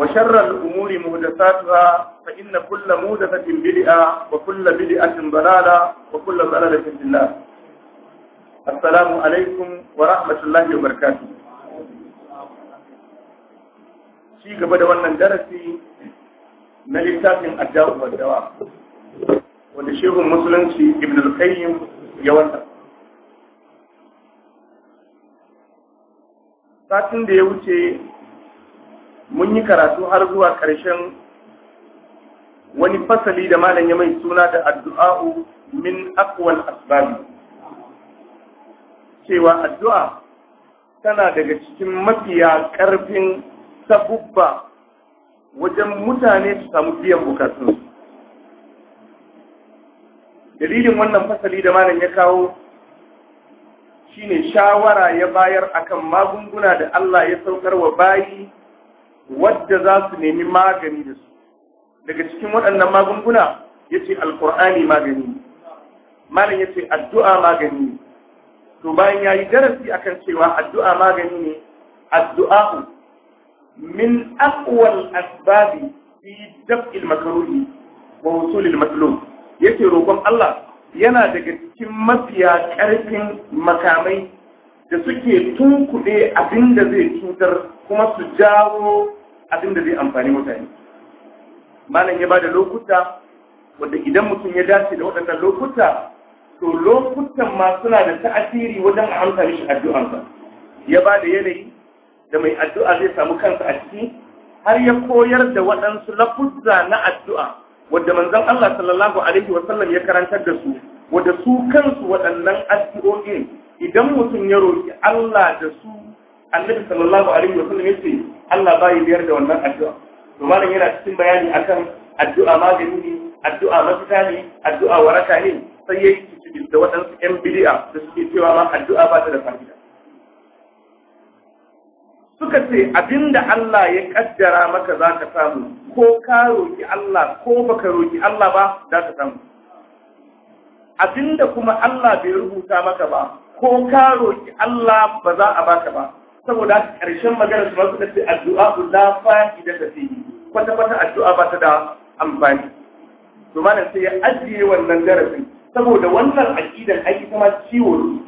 وشر الأمور مهدساتها فإن كل مهدسة بدئة وكل بدئة ضلالة وكل ضلالة في الله السلام عليكم ورحمة الله وبركاته شيء قبل أن درسي من الدواء والدواء ولشيخ المسلم ابن القيم يوانا satin da ya wuce mun yi karatu har zuwa ƙarshen wani fasali da malam ya mai suna da addu'a'u min akwal asbabi cewa addu'a tana daga cikin mafiya ƙarfin sabubba wajen mutane su samu biyan bukatunsu dalilin wannan fasali da malam ya kawo shine shawara ya bayar akan magunguna da Allah ya saukar wa bayi wadda za su nemi magani da su daga cikin waɗannan magunguna ya ce alkur'ani magani malam ya ce addu'a magani ne to bayan ya yi darasi a kan cewa addu'a magani ne addu'a min aqwal asbabi fi daf'il makruhi wa wusulil matlub yace roƙon Allah yana daga cikin mafiya ƙarfin makamai da suke tunkuɗe abin da zai cutar kuma su jawo abin da zai amfani mutane malam ya ba da lokuta wadda idan mutum ya dace da waɗannan lokuta to lokutan ma suna da ta'asiri wajen a amsa mishi addu'ansa ya ba da yanayi da mai addu'a zai samu kansa a ciki har ya koyar da waɗansu lafuzza na addu'a wadda manzon Allah sallallahu alaihi wa sallam ya karantar da su wadda su kansu waɗannan addu'o'in idan mutum ya roƙi Allah da su annabi sallallahu alaihi wa sallam yace Allah ba yi biyar da wannan addu'a to malam yana cikin bayani akan addu'a magani ne addu'a mafita ne addu'a waraka ne sai ya yi da waɗansu ƴan bid'a da suke cewa ma addu'a ba ta da fa'ida suka ce abinda Allah ya kaddara maka za ka samu ko ka roki Allah ko baka roki Allah ba za ka samu abinda kuma Allah bai rubuta maka ba ko ka roƙi Allah ba za a baka ba saboda ƙarshen magana su masu nace addu'a la fa'ida da tafi kwata kwata addu'a ba ta da amfani to malam sai ya ajiye wannan darasin saboda wannan aƙidan aiki kuma ciwo ne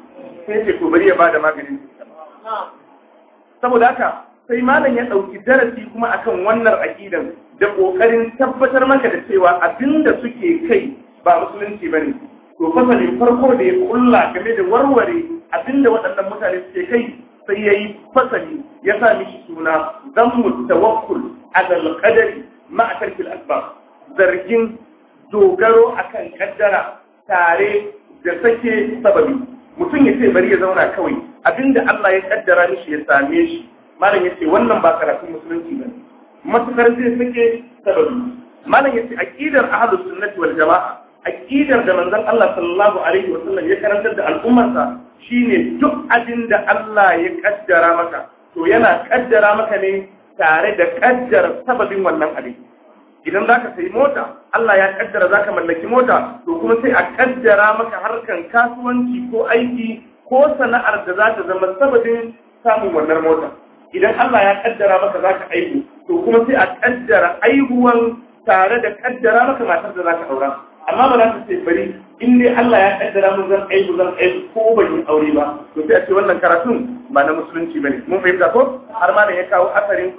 sai ce ko bari ya ba da maganin saboda haka sai malam ya ɗauki darasi kuma akan wannan aƙidan. da ƙoƙarin tabbatar maka da cewa abinda suke kai ba musulunci ba ne. to fasalin farko da ya kulla game da warware abinda waɗannan mutane suke kai sai ya yi fasali ya sa miki suna zammu tawakkul alal qadari ma'a tarkil asbab zargin dogaro akan kaddara tare da sake sababi mutum ya ce bari ya zauna kawai abinda Allah ya kaddara mishi ya same shi malam ya ce wannan ba karatun musulunci ba matukar zai sake sababi malam ya ce aqidar ahlus sunnati wal jamaa aqidar da manzon Allah sallallahu alaihi wa sallam ya karantar da al'ummarsa shine duk abin da Allah ya kaddara maka to yana kaddara maka ne tare da kaddara sababin wannan abin idan zaka sayi mota Allah ya kaddara zaka mallaki mota to kuma sai a kaddara maka harkan kasuwanci ko aiki ko sana'ar da za ta zama sababin samun wannan mota idan Allah ya kaddara maka zaka aibu to kuma sai a kaddara aibuwan tare da kaddara maka matar da zaka aura amma ba za ta ce bari in dai Allah ya kaddara mun zan aibu zan aibu ko ban yi aure ba to sai a ce wannan karatun ba na musulunci bane mun fahimta ko har ma da ya kawo asarin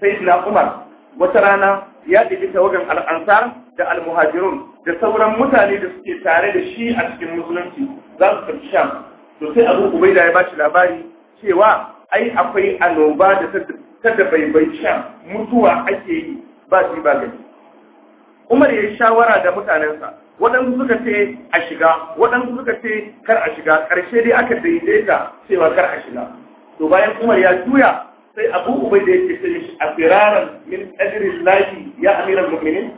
sayyidina Umar wata rana ya ɗibi tawagan al-ansar da al al-muhajirun da sauran mutane da suke tare da shi a cikin musulunci za su tafi sham to sai abu ubaida ya bashi labari cewa ai akwai annoba da ta da bai bai sham mutuwa ake yi ba shi ba gani Umar ya yi shawara da mutanensa waɗansu suka ce a shiga waɗansu suka ce kar a shiga ƙarshe dai aka daidaita cewa kar a shiga to bayan Umar ya juya sai Abu da yake ce a firaran min qadri lahi ya amina mu'minin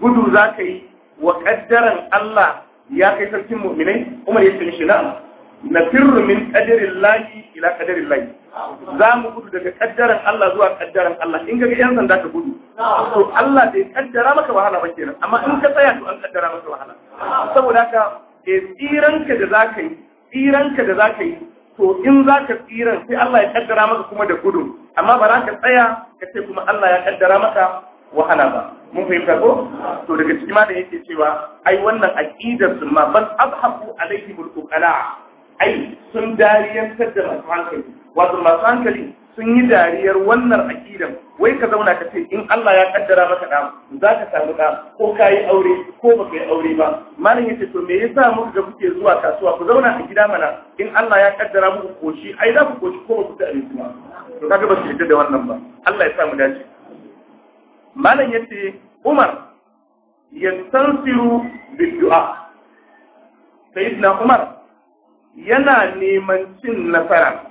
gudu ka yi wa ƙaddaran Allah ya kai sarkin mu'minai Umar ya ce na'am na firru min qadarin layi ila qadarin layi. za mu gudu daga kaddaran Allah zuwa kaddaran Allah in ga yan sanda ka gudu to Allah bai kaddara maka wahala ba kenan amma in ka tsaya to an kaddara maka wahala saboda haka eh tsiranka da zaka yi tsiranka da zaka yi to in za ka tsiran sai Allah ya kaddara maka kuma da gudu amma ba za ka tsaya ka ce kuma Allah ya kaddara maka wahala ba mun fahimta ko to daga cikin ma da yake cewa ai wannan aqidar sun ma bas abhafu alaihim al ai sun dariyar da masu hankali wato masu hankali sun yi dariyar wannan akidan wai ka zauna ka ce in Allah ya kaddara maka da za ka samu da ko ka yi aure ko ba ka yi aure ba malam yace to me yasa muka ga kuke zuwa kasuwa ku zauna a gida mana in Allah ya kaddara muku koshi ai za ku koshi ko ba ku ta abinci ma. to kaga ba su yi da wannan ba Allah ya sa mu dace malam yace Umar yastansiru bi du'a sayyidina Umar yana neman cin nasara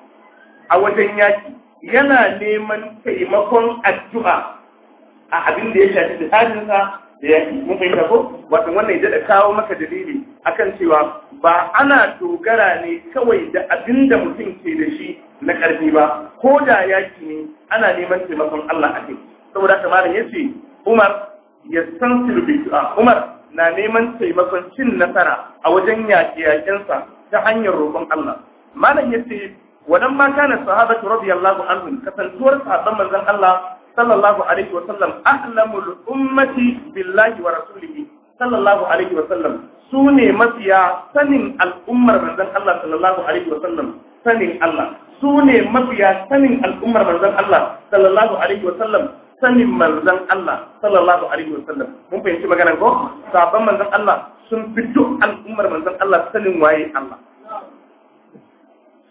a wajen yaki yana neman taimakon addu'a a abin da ya shafi da jihadinsa da yaki mun fahimta ko wato wannan ya da kawo maka dalili akan cewa ba ana dogara ne kawai da abin da mutum ke da shi na ƙarfi ba ko da yaki ne ana neman taimakon Allah a kai saboda haka malam yace Umar ya san Umar na neman taimakon cin nasara a wajen yaƙi yaƙensa ta hanyar roƙon Allah malam yace wadan ma kana sahabatu radiyallahu anhum kasantuwar sahabban manzan Allah sallallahu alaihi wa sallam ahlamul ummati billahi wa rasulihi sallallahu alaihi wa sallam su ne mafiya sanin al'ummar manzan Allah sallallahu alaihi wa sallam sanin Allah su ne mafiya sanin al'ummar manzan Allah sallallahu alaihi wa sallam sanin manzan Allah sallallahu alaihi wa wasallam mun fahimci maganar ko sabon manzan Allah sun fi duk al'ummar manzon Allah sanin waye Allah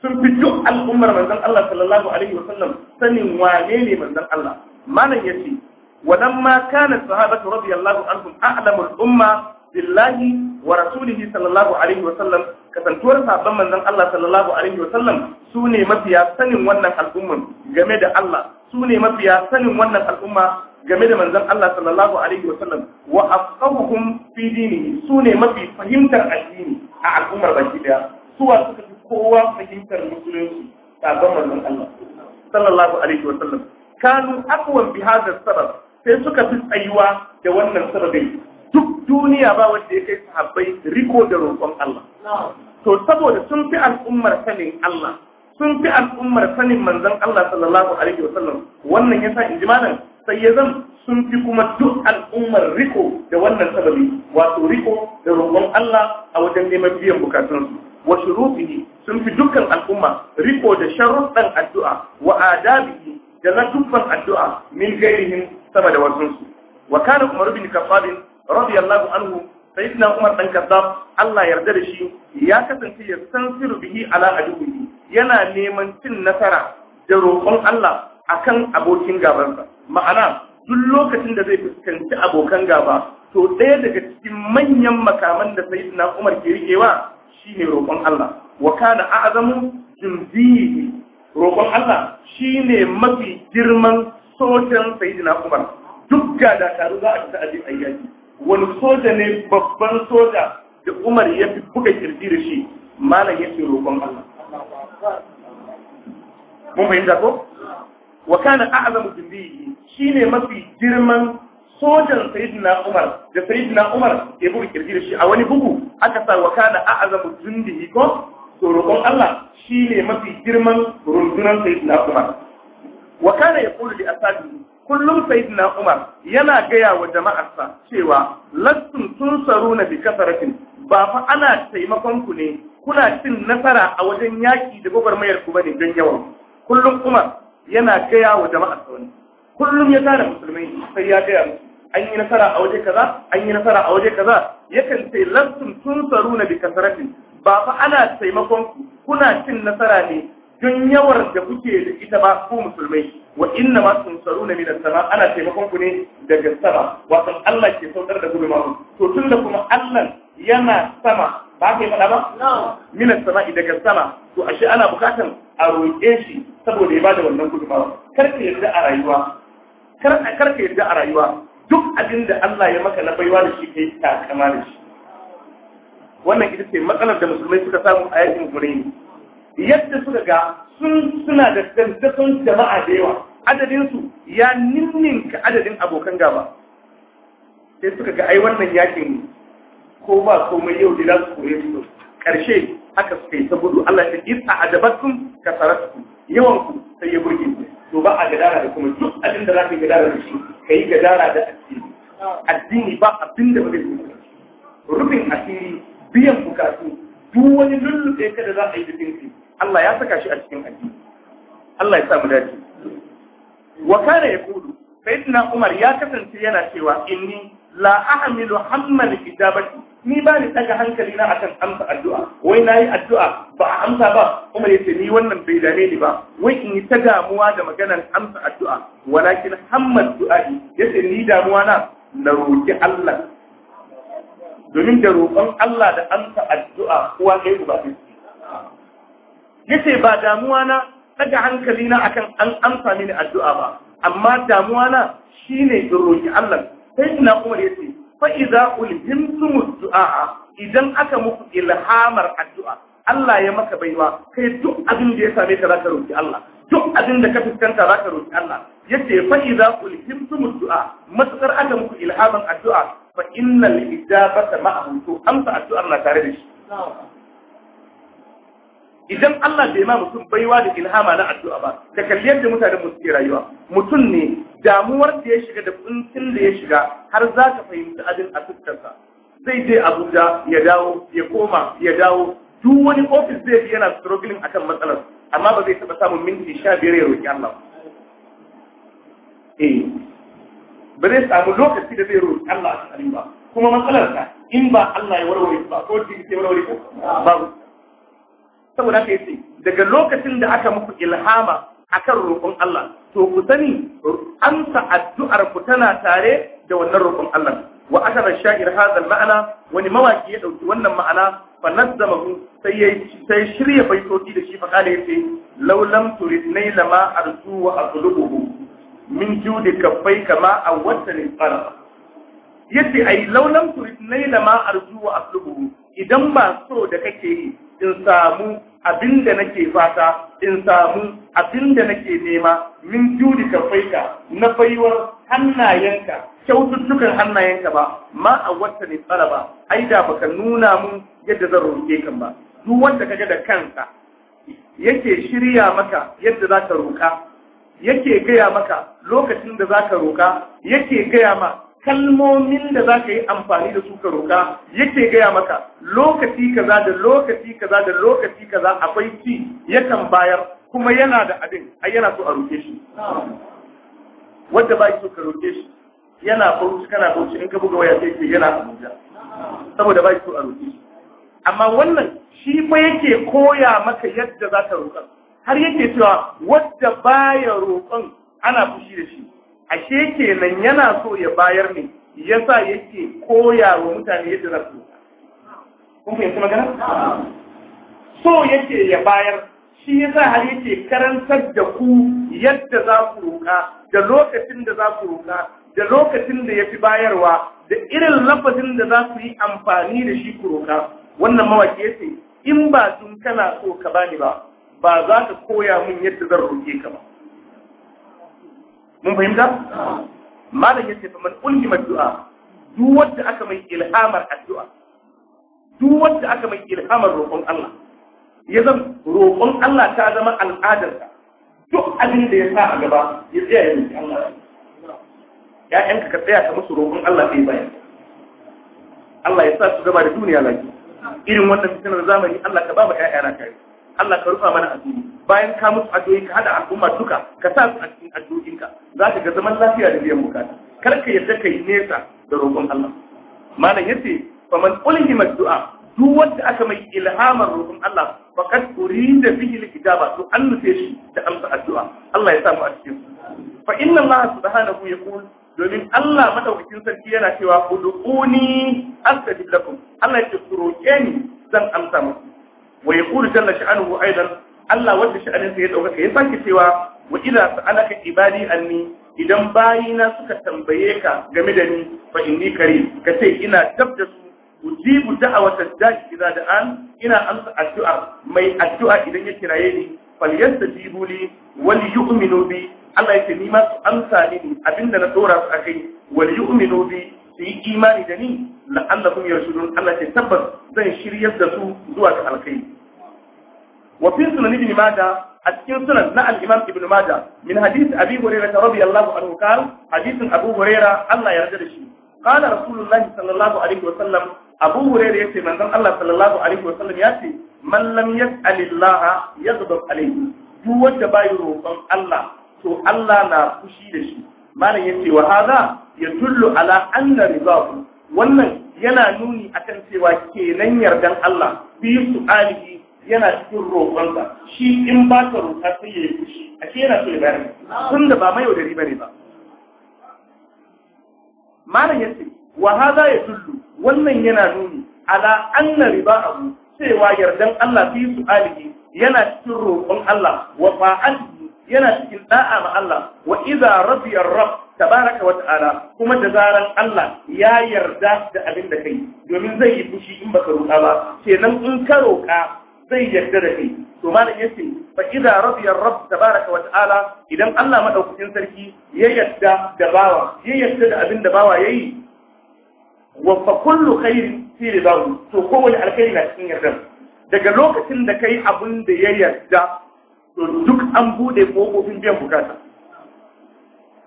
sun fi duk al'ummar manzon Allah sallallahu alaihi wa sallam sanin wane ne manzon Allah malam yace walamma kana sahabatu radiyallahu anhum a'lamul umma billahi wa rasulihi sallallahu alaihi wa sallam kasantuwar sahabban manzon Allah sallallahu alaihi wa sallam su ne mafiya sanin wannan al'umman game da Allah su ne mafiya sanin wannan al'umma game da manzon Allah sallallahu alaihi wa sallam wa afqahuhum fi dinihi ne mafi fahimtar addini a al'ummar baki daya su suwa suka fi kowa fahimtar musulunci sabon manzon Allah sallallahu alaihi wa sallam kanu aqwan bi hadha sabab sai suka fi tsayuwa da wannan sababin duk duniya ba wanda ya kai sahabbai riko da roƙon Allah to saboda sun fi al'ummar sanin Allah sun fi al'ummar sanin manzon Allah sallallahu alaihi wa sallam wannan yasa injimanan sai ya zan sun fi kuma duk al'ummar riko da wannan sababi wato riko da roƙon Allah a wajen neman biyan bukatunsu wa shuruɗihi sun fi dukkan al'umma riko da sharuɗan addu'a wa adabihi da na dubban addu'a min gairihin sama da wasunsu wa kana Umar bin Khattab radiyallahu anhu sayyidina Umar dan Khattab Allah yarda da shi ya kasance ya san bihi ala aduwihi yana neman cin nasara da roƙon Allah akan abokin gabansa ma'ana duk lokacin da zai fuskanci abokan gaba to ɗaya daga cikin manyan makaman da sai na umar ke riƙewa ne roƙon Allah wa kana a'azamu roƙon Allah shi ne mafi girman sojan na Umar duk ga taru za a fita aje ayyaki wani soja ne babban soja da Umar ya fi buga kirji da shi malam ya ce roƙon Allah mun fahimta ko wa kana a'zamu jundiyyi shine mafi girman sojan sayyidina Umar da sayyidina Umar ya bugu da shi a wani bugu aka sa wa kana a'zamu ko to Allah shine mafi girman rundunar sayyidina Umar wa kana yaqulu li ashabihi kullum sayyidina Umar yana gaya wa jama'arsa cewa lastum tunsaruna bi kasaratin ba fa ana taimakon ku ne kuna cin nasara a wajen yaƙi da gwagwarmayar ku bane don yawan kullum Umar yana gaya wa jama'a sauni kullum ya tara musulmai sai ya gaya musu an yi nasara a waje kaza an yi nasara a waje kaza yakan ce tsaro na bi kasratin ba fa ana taimakon ku kuna cin nasara ne don yawar da kuke da ita ba ku musulmai wa inna ma na min sama ana taimakon ku ne daga sama wato Allah ke saukar da gobe ma to tunda kuma Allah yana sama ba ka yi faɗa ba min sama daga sama to ashe ana bukatan a roƙe shi saboda ya bada wannan gudunmawa kar ka yarda a rayuwa a rayuwa duk abin da Allah ya maka na baiwa da shi kai takama da shi wannan ita ce matsalar da musulmai suka samu a yakin gurin yadda suka ga sun suna da dantasan jama'a da yawa adadinsu ya ninninka adadin abokan gaba sai suka ga ai wannan yakin ko ba komai yau da za su koye su karshe haka suka yi saboda Allah ya isa adabakum kasaratu yawan ku sai ya burge ku to ba a gadara da kuma duk abin da za ka gadara da shi ka yi gadara da addini addini ba abin da ba zai yi rufin asiri biyan bukatu duk wani lullube ka da za a yi da dinki Allah ya saka shi a cikin addini Allah ya sa mu dace wa kana yaqulu sayyidina Umar ya kasance yana cewa inni la ahmilu hammal kitabati ni ba ni daga hankali na akan amsa addu'a wai nayi addu'a ba a amsa ba kuma yace ni wannan bai dame ni ba wai in yi ta damuwa da maganar amsa addu'a walakin hammad du'a'i yace ni damuwa na na roki Allah domin da roƙon Allah da amsa addu'a kuwa kai uba kai yace ba damuwa na daga hankali na akan an amsa mini addu'a ba amma damuwa na shine in roki Allah sai ina kuma yace fa'iza ulhimtumus du'a idan aka muku ilhamar addu'a Allah ya maka baiwa kai duk abin da ya same ka zaka roki Allah duk abin da ka fuskanta zaka roki Allah yace fa'iza ulhimtumus du'a matsar aka muku ilhaman addu'a fa innal ijabata ma'ahu to amsa addu'ar na tare da shi idan Allah bai ma mutum baiwa da ilhama na addu'a ba da kalli da mutane mu rayuwa mutum ne damuwar da ya shiga da kuncin da ya shiga har za ka fahimci abin a fuskarsa zai je abuja ya dawo ya koma ya dawo duk wani ofis zai fi yana struggling akan matsalar amma ba zai taɓa samun minti sha biyar ya roƙi Allah eh ba zai samu lokaci da zai roƙi Allah a cikin ba kuma matsalar ka in ba Allah ya warware ba ko ji ya warware ba saboda haka sai daga lokacin da aka muku ilhama akan roƙon Allah to ku sani amsa addu'ar ku tana tare da wannan roƙon Allah wa ashara sha'ir ma'ana wani mawaki ya ɗauki wannan ma'ana fa nazzamahu sai ya sai shirya baitoci da shi fa kana yace law lam turid naila ma arju wa aqlubuhu min judi kaffai kama awwatan al yace ai law lam turid naila ma arju wa aqlubuhu idan ba so da kake yi in samu abin da nake fata in samu abin da nake nema min juri ka faika na faiwar hannayenka kyaututtukan hannayenka ba ma a wata ne tsara ba ai da baka nuna mun yadda zan roƙe kan ba duk wanda kaga da kansa yake shirya maka yadda za ka roƙa yake gaya maka lokacin da za ka roƙa yake gaya ma kalmomin da za ka yi amfani da su ka roƙa yake gaya maka lokaci kaza da lokaci kaza da lokaci kaza akwai ci yakan bayar kuma yana da abin ai yana so a roƙe shi wanda ba so ka roƙe shi yana bauchi kana bauchi in ka buga waya sai ce yana abuja saboda ba so a roƙe shi amma wannan shi fa yake koya maka yadda za ka roƙa har yake cewa wadda baya roƙon ana fushi da shi ashe kenan yana so ya bayar ne yasa yake koya wa mutane yadda za su kun fahimci magana so yake ya bayar shi ya sa har yake karantar da ku yadda za ku roƙa da lokacin da za ku roƙa da lokacin da ya fi bayarwa da irin lafazin da za ku yi amfani da shi ku roka, wannan mawaƙi yace in ba tun kana so ka bani ba ba za ka koya min yadda zan roƙe ka ba mun fahimta malam yace fa man ulhima du'a duk wanda aka mai ilhamar addu'a duk wanda aka mai ilhamar roƙon Allah ya zama roƙon Allah ta zama al'adar al'adarka duk abin da ya sa a gaba ya tsaya ya roƙi Allah ya ya'yanka ka tsaya ka musu roƙon Allah sai bayan Allah ya sa su gaba da duniya lafiya irin wannan fitinar zamani Allah ka ba mu ƴaƴa na kare Allah ka rufa mana asiri bayan ka musu addu'o'i ka hada al'umma duka ka sa su a cikin addu'o'inka za ka ga zaman lafiya da biyan bukata kar ka yadda yi nesa da roƙon Allah malam yace faman ulhima du'a duk wanda aka mai ilhamar roƙon Allah faqad urida bihi al-ijaba to an nufe shi da amsa addu'a Allah ya sa mu a cikin fa inna Allah subhanahu yaqul domin Allah madaukakin sarki yana cewa ud'uni astajib lakum Allah ya ce ku roƙe ni zan amsa muku wa yaqulu jalla sha'anuhu aidan Allah wanda sha'anin sa ya dauka ya sake cewa wa idza sa'alaka ibadi anni idan bayina suka tambaye ka game da ni fa inni karim ka ce ina tabda su ujibu da'awata da'i idza da'an ina amsa addu'a mai addu'a idan ya kiraye ni falyastajibu li wal yu'minu bi Allah ya ce ni ma su amsa ni abinda na dora su akai wal yu'minu bi su yi imani da ni la'allahum yarshudun Allah ce tabbas zan shiryar da su zuwa ga alkhairi wa fi sunan ibn majah a cikin sunan na al-imam ibn majah min hadith abi hurairah radiyallahu anhu qala hadithun abu hurairah Allah ya yarda da shi قال رسول الله صلى الله عليه وسلم أبو هريرة يتي Allah Sallallahu alaihi wa sallam وسلم يأتي من لم يسأل الله يغضب عليه duk wanda bai roƙon Allah to Allah na fushi da shi malam yace wa hadha yadullu ala anna ridahu wannan yana nuni akan cewa kenan yardan Allah bi su'alihi yana cikin roƙonsa shi in ba ka roƙa sai ya yi fushi ashe yana so ya bayar tun da ba mai yaudari bane ba malam yace wa hadha yadullu wannan yana nuni ala anna ridahu cewa yardan Allah fi su'alihi yana cikin roƙon Allah wa fa'al yana cikin da'a ma Allah wa idza radiya rabb tabaraka wa ta'ala kuma da zaran Allah ya yarda da abin da kai domin zai yi fushi in baka roƙa ba kenan in ka roƙa zai yarda da kai to malam yace fa idza radiya rabb tabaraka wa ta'ala idan Allah madaukakin sarki ya yarda da bawa ya yarda da abin da bawa yayi wa fa kullu khairin fi ridahu to kowane alkhairi na cikin yarda daga lokacin da kai abin da ya yarda to duk an bude kofofin biyan bukata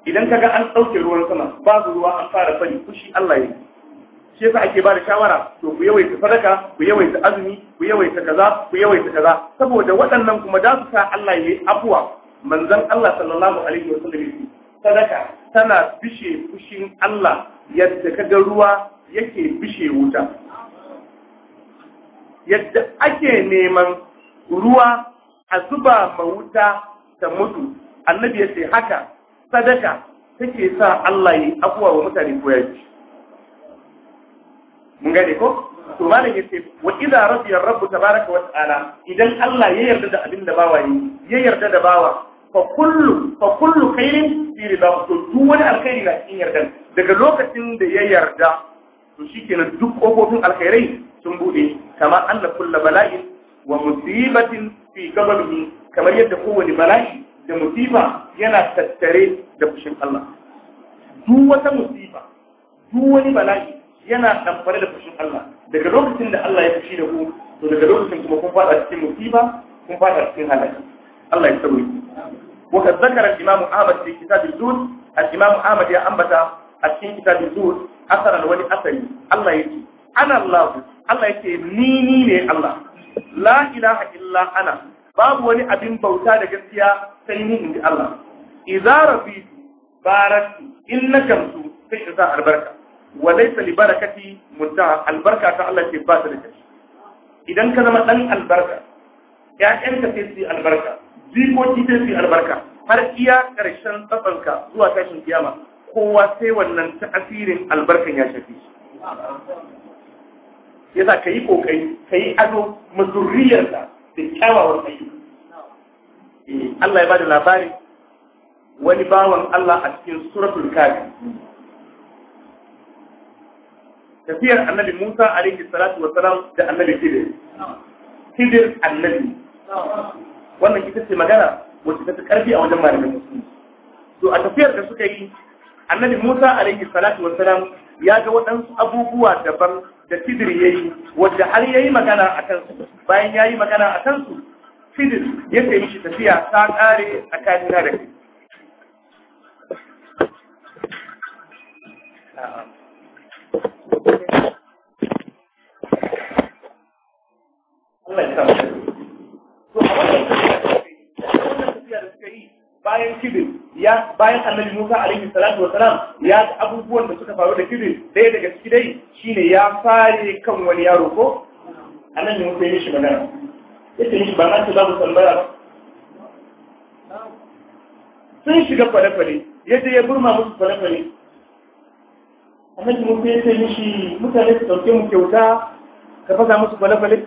idan kaga an ɗauke ruwan sama babu ruwa an fara fari fushi Allah ya shi yasa ake bada shawara to ku yawaita sadaka ku yawaita azumi ku yawaita kaza ku yawaita kaza saboda waɗannan kuma da su sa Allah ya yi afuwa manzon Allah sallallahu alaihi wa sallam sadaka tana bishe fushin Allah yadda kaga ruwa yake bishe wuta yadda ake neman ruwa a zuba ma wuta ta mutu annabi ya ce haka sadaka take sa Allah yi afuwa wa mutane ko yaji mun gane ko to malam ce wa idza radiya rabbu tabaraka wa ta'ala idan Allah ya yarda da abin da bawa yi ya yarda da bawa fa kullu fa kullu khairin fi riba to duk wani alkhairi na cikin yarda. daga lokacin da ya yarda to shikenan duk kofofin alkhairai sun bude kama anna kullu bala'in wa musibatin fi gababihi kamar yadda kowane bala'i da musiba yana tattare da fushin Allah duk wata musiba duk wani bala'i yana tamfare da fushin Allah daga lokacin da Allah ya fushi da ku to daga lokacin kuma kun fada cikin musiba kun fada cikin halaka Allah ya sauri wa kad zakara imam Ahmad fi kitab az-zuhd imam Ahmad ya ambata a cikin kitab az-zuhd asaran wani asari Allah ya yake ana Allah Allah yake ni ni ne Allah la ilaha illa ana babu wani abin bauta da gaskiya sai ni inji Allah idza rabi baratu innaka mutu sai idza albarka wa laysa li barakati mudda albarka ta Allah ce ba ta da kashi idan ka zama dan albarka ƴaƴanka sai albarka jikoki sai su albarka har iya karshen tsafanka zuwa tashin kiyama kowa sai wannan ta'asirin albarkan ya shafi shi yasa ka yi kokari ka yi ado mazurriyarsa da kyawawan ayyuka eh, Allah ya bada labari wani bawan Allah a cikin suratul kafi tafiyar annabi Musa alaihi salatu wa salam da annabi Khidir Khidir annabi wannan ita ce magana wacce ta karfi a wajen malamin musulmi to a tafiyar da suka yi annabi Musa alaihi salatu wa salam ya ga waɗansu abubuwa daban da ya yayi wanda har yayi magana a kansu bayan ya yi magana a kansu Khidir ya ce mishi tafiya ta kare tsakanin da kai Allah bayan kidin ya bayan annabi Musa alaihi salatu wa salam ya ga abubuwan da suka faru da kidin ɗaya daga ciki dai shine ya fare kan wani yaro ko annabi Musa ya mishi magana yace mishi ba na ce babu tambaya sun shiga kwale-kwale yadda ya burma musu kwale-kwale annabi Musa ya ce mishi mutane su dauke mu kyauta ka fasa musu kwale-kwale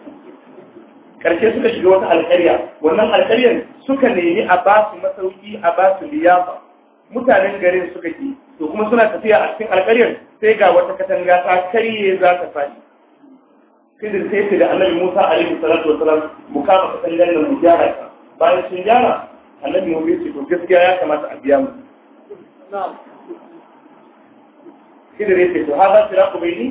karshe suka shiga wata alƙarya wannan alƙaryar suka nemi a ba su masauki a ba su liyafa mutanen garin suka ke to kuma suna tafiya a cikin alƙaryar sai ga wata katanga ta karye za ta faɗi kidir sai ce da annabi musa alaihi salatu wasalam mu kama katangar nan mu gyara ta bayan sun gyara annabi mu ce to gaskiya ya kamata a biya mu kidir ya ce to haza za su bai ni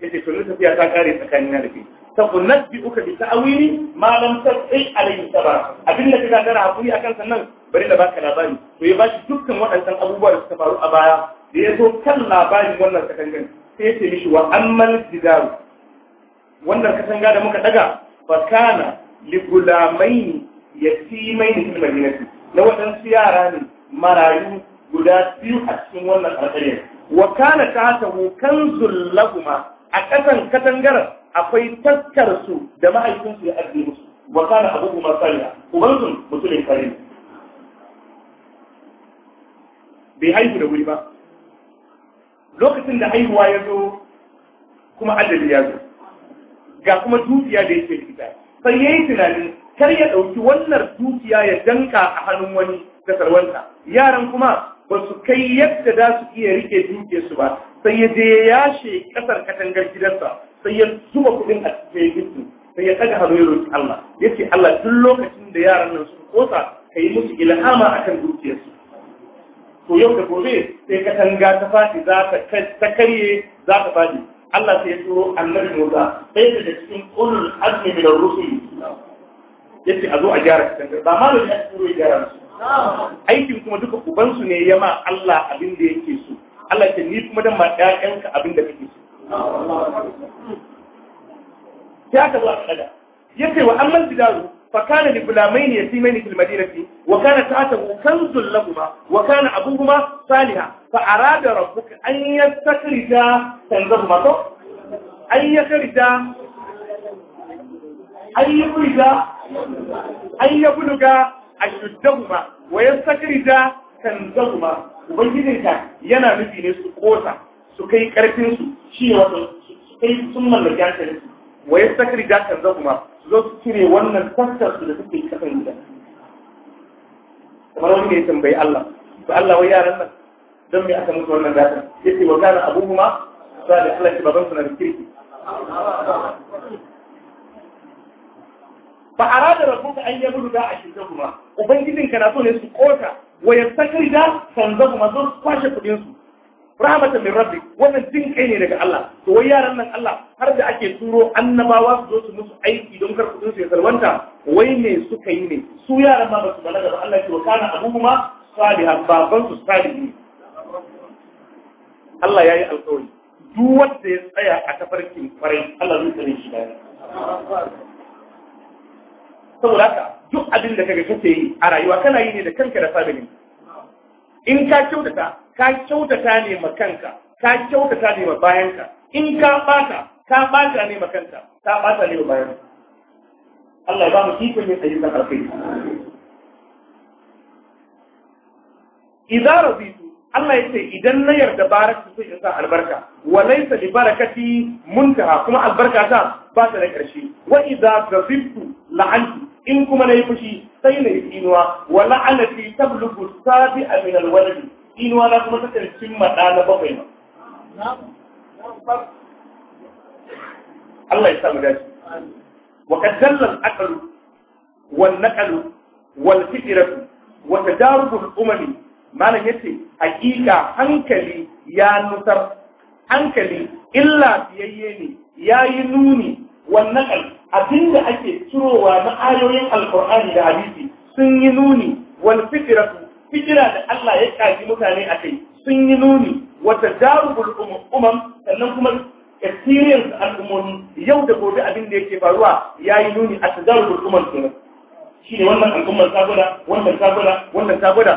ya ce to tafiya ta kare tsakanin na da kai sabunan bi uka bi ta'awili malam sabai alayhi sabar abin da gara hakuri akan sannan bari da baka labari to ya bashi dukkan waɗannan abubuwa da suka faru a baya da ya zo kan labarin wannan katangan sai ya mishi wa amman jidar wannan katanga da muka daga fakana kana li gulamain yatimain fil madinati na waɗansu yara ne marayu guda biyu a cikin wannan ƙarƙare wa kana ta ta hukan zullahuma a ƙasan katangar akwai tattar su da mahaifinsu ya ajiye musu wa kana abu kuma sariya ubansu mutumin kare ne bai haihu da wuri ba lokacin da haihuwa ya zo kuma ajali ya zo ga kuma dukiya da yake fita sai ya yi tunanin kar ya ɗauki wannan dukiya ya danka a hannun wani da sarwanta yaran kuma ba su kai yadda za su iya rike dukiyarsu ba sai ya je ya yashe kasar katangar gidansa sai ya zuba kuɗin a cikin sai ya daga hannu ya roki Allah ya ce Allah duk lokacin da yaran nan suka kosa ka yi musu ilhama akan dukiyarsu to yau da gobe sai katanga ta fadi za ta karye za ta fadi Allah sai ya turo annabi Musa sai daga cikin ulul azmi da ar ya yace a zo a gyara katangar ba malami ya turo ya gyara musu aikin kuma duka ubansu ne ya ma Allah abin da yake so Allah ce ni kuma dan ma ƴaƴanka abin da kake so ya ka zo a kada yace wa amman jidaru fa kana li gulamaini yatimaini fil madinati wa kana ta'atuhu kanzul lahuma wa kana abuhuma salihan fa arada rabbuka an yastakhrija kanzahuma to an yakhrija an yakhrija an yabluga ashuddahuma wa yastakhrija kanzahuma ubangijinka yana nufi ne su kosa su kai karfin su shi wato su kai sun mallaki hankali su wa ya kan zan kuma su zo su cire wannan tattar su da suke kasan gida kamar wanda ya tambayi Allah ba Allah wai yaran nan don me aka mutu wannan dakan yace wa kana abuhuma salih Allah ya baban su na kirki fa arada rabbuka an yabluga ashidahuma ubangijinka na so ne su kosa wa yastakhrija kanzahu manzo kwashe kuɗinsu, su rahmatan min rabbi wannan jin kai ne daga Allah to wai yaran nan Allah har da ake turo annabawa su zo su musu aiki don kar kudin su ya salwanta wai me suka yi ne su yaran ma basu su balaga ba Allah ya ce wa kana abuhuma salihan baban su salihi Allah ya yi alƙawari duk wanda ya tsaya a tafarkin kwarai Allah zai tsare shi saboda haka duk abin da kaga kake yi a rayuwa kana yi ne da kanka da family in ka kyautata ka kyautata ne ma kanka ka kyautata ne ma bayanka in ka bata ka bata ne ma kanka ka bata ne ma bayanka Allah ya ba mu ikon yin ayyukan alkhairi idza raditu Allah ya ce idan na yarda baraka sai in sa albarka wa laysa li barakati muntaha kuma albarka ta ba ta da karshe wa idza ghadibtu la'antu in kuma na yi fushi sai na yi inuwa wa la'anati tablugu sabi'a min alwalad inuwa na kuma ta cimma ɗa na bakwai ma Allah ya sa mu dace wa qad dalla al-aqlu wal naqlu wal fikratu wa tadarubu al-umami malam yace hakika hankali ya nutar hankali illa fiyayye ne yayi nuni wa wal naqlu da ake cirowa na ayoyin alkur'ani da hadisi sun yi nuni wal fitratu fitira da Allah ya kaji mutane a kai sun yi nuni wata darubul um-, umam sannan kuma experience al'ummomi yau da gobe abin da yake faruwa ya yi nuni a tadarubul umam shi ne wannan al'ummar ta gwada wannan ta gwada wannan ta gwada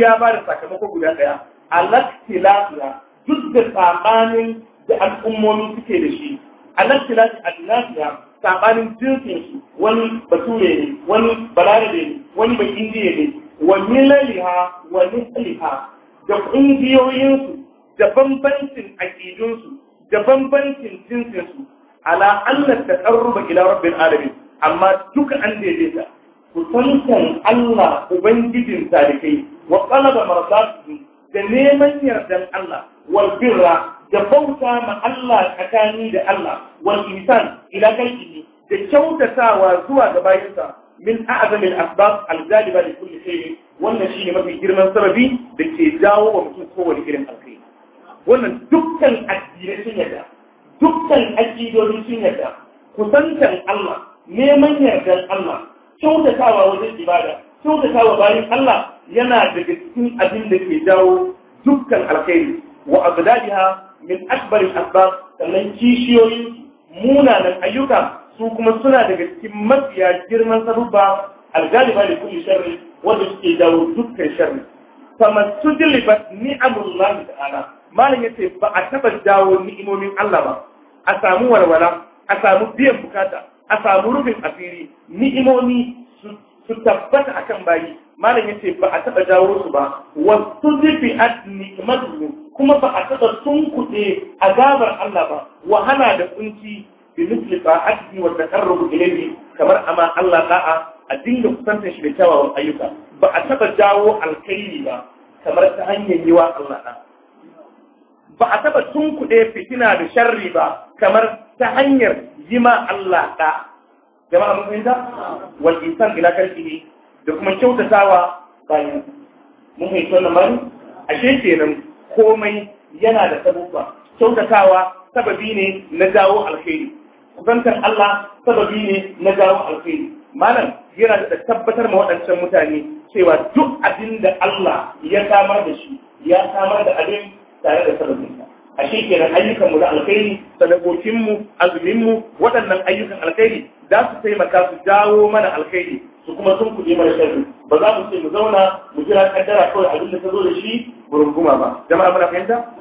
ya ba da sakamako guda daya alaktilafiya duk da sabanin da al'ummomi suke da shi alaktilafiya sabanin jinsin su wani bature ne wani balarabe ne wani bai ne Wani laliha, wani nisaliha da ƙungiyoyinsu da bambancin aƙidunsu da bambancin jinsinsu ala Allah ta ƙarruba ila rabbil alamin amma duka an daidaita kusantan Allah ubangijin talikai wa qalaba marzatu da neman yardan Allah wal birra da bauta ma Allah tsakani da Allah wal insan ila kalbihi da kyautatawa zuwa ga bayansa min a'zamil asbab al-galiba li kulli shay'in wannan shine mafi girman sababi da ke jawo wa mutum kowane irin alkhairi wannan dukkan addinai sun yarda dukkan akidodin sun yarda kusantan Allah neman yardan Allah kyautatawa wajen ibada kyautatawa bayan Allah yana da cikin abin da ke jawo dukkan alkhairi wa abdaliha min akbar al-asbab sannan kishiyoyi. munanan ayyuka su kuma suna daga cikin mafiya girman sabubba algaliba da kulli sharri wanda suke dawo dukkan sharri fama tujlibat ni'amullahi ta'ala ya ce ba a taɓa dawo ni'imomin Allah ba a samu warwara a samu biyan bukata a samu rufin asiri ni'imomi su tabbata akan bayi malam yace ba a taɓa jawo su ba wasu zifi at nikmatuhu kuma ba a taɓa tunkuɗe azabar Allah ba wahala da kunci bi misli fa'ati wa taqarrubu ilayhi kamar amma Allah da'a a dinga kusantar shi da kyawawan ayyuka ba a taɓa jawo alkhairi ba kamar ta hanyar yi yiwa Allah da'a ba a taɓa kuɗe fitina da sharri ba kamar ta hanyar yi ma Allah ɗa. Jama'a mun fahimta? Wal insan ila kalbihi da kuma kyautatawa bayan mun yi tona mari a kenan komai yana da sabubba kyautatawa sababi ne na jawo alkhairi. kusantar Allah sababi ne na jawo alkhairi. malam yana da tabbatar ma waɗancan mutane cewa duk abin da Allah ya samar da shi ya samar da abin tare da sababin ashe kenan ayyukan mu da alkhairi sadakokin azuminmu, waɗannan ayyukan alkhairi za su taimaka su jawo mana alkhairi su kuma sun kuɗe mara sharri ba za mu ce mu zauna mu jira kaddara kawai abin da ta zo da shi burunguma ba jama'a muna fahimta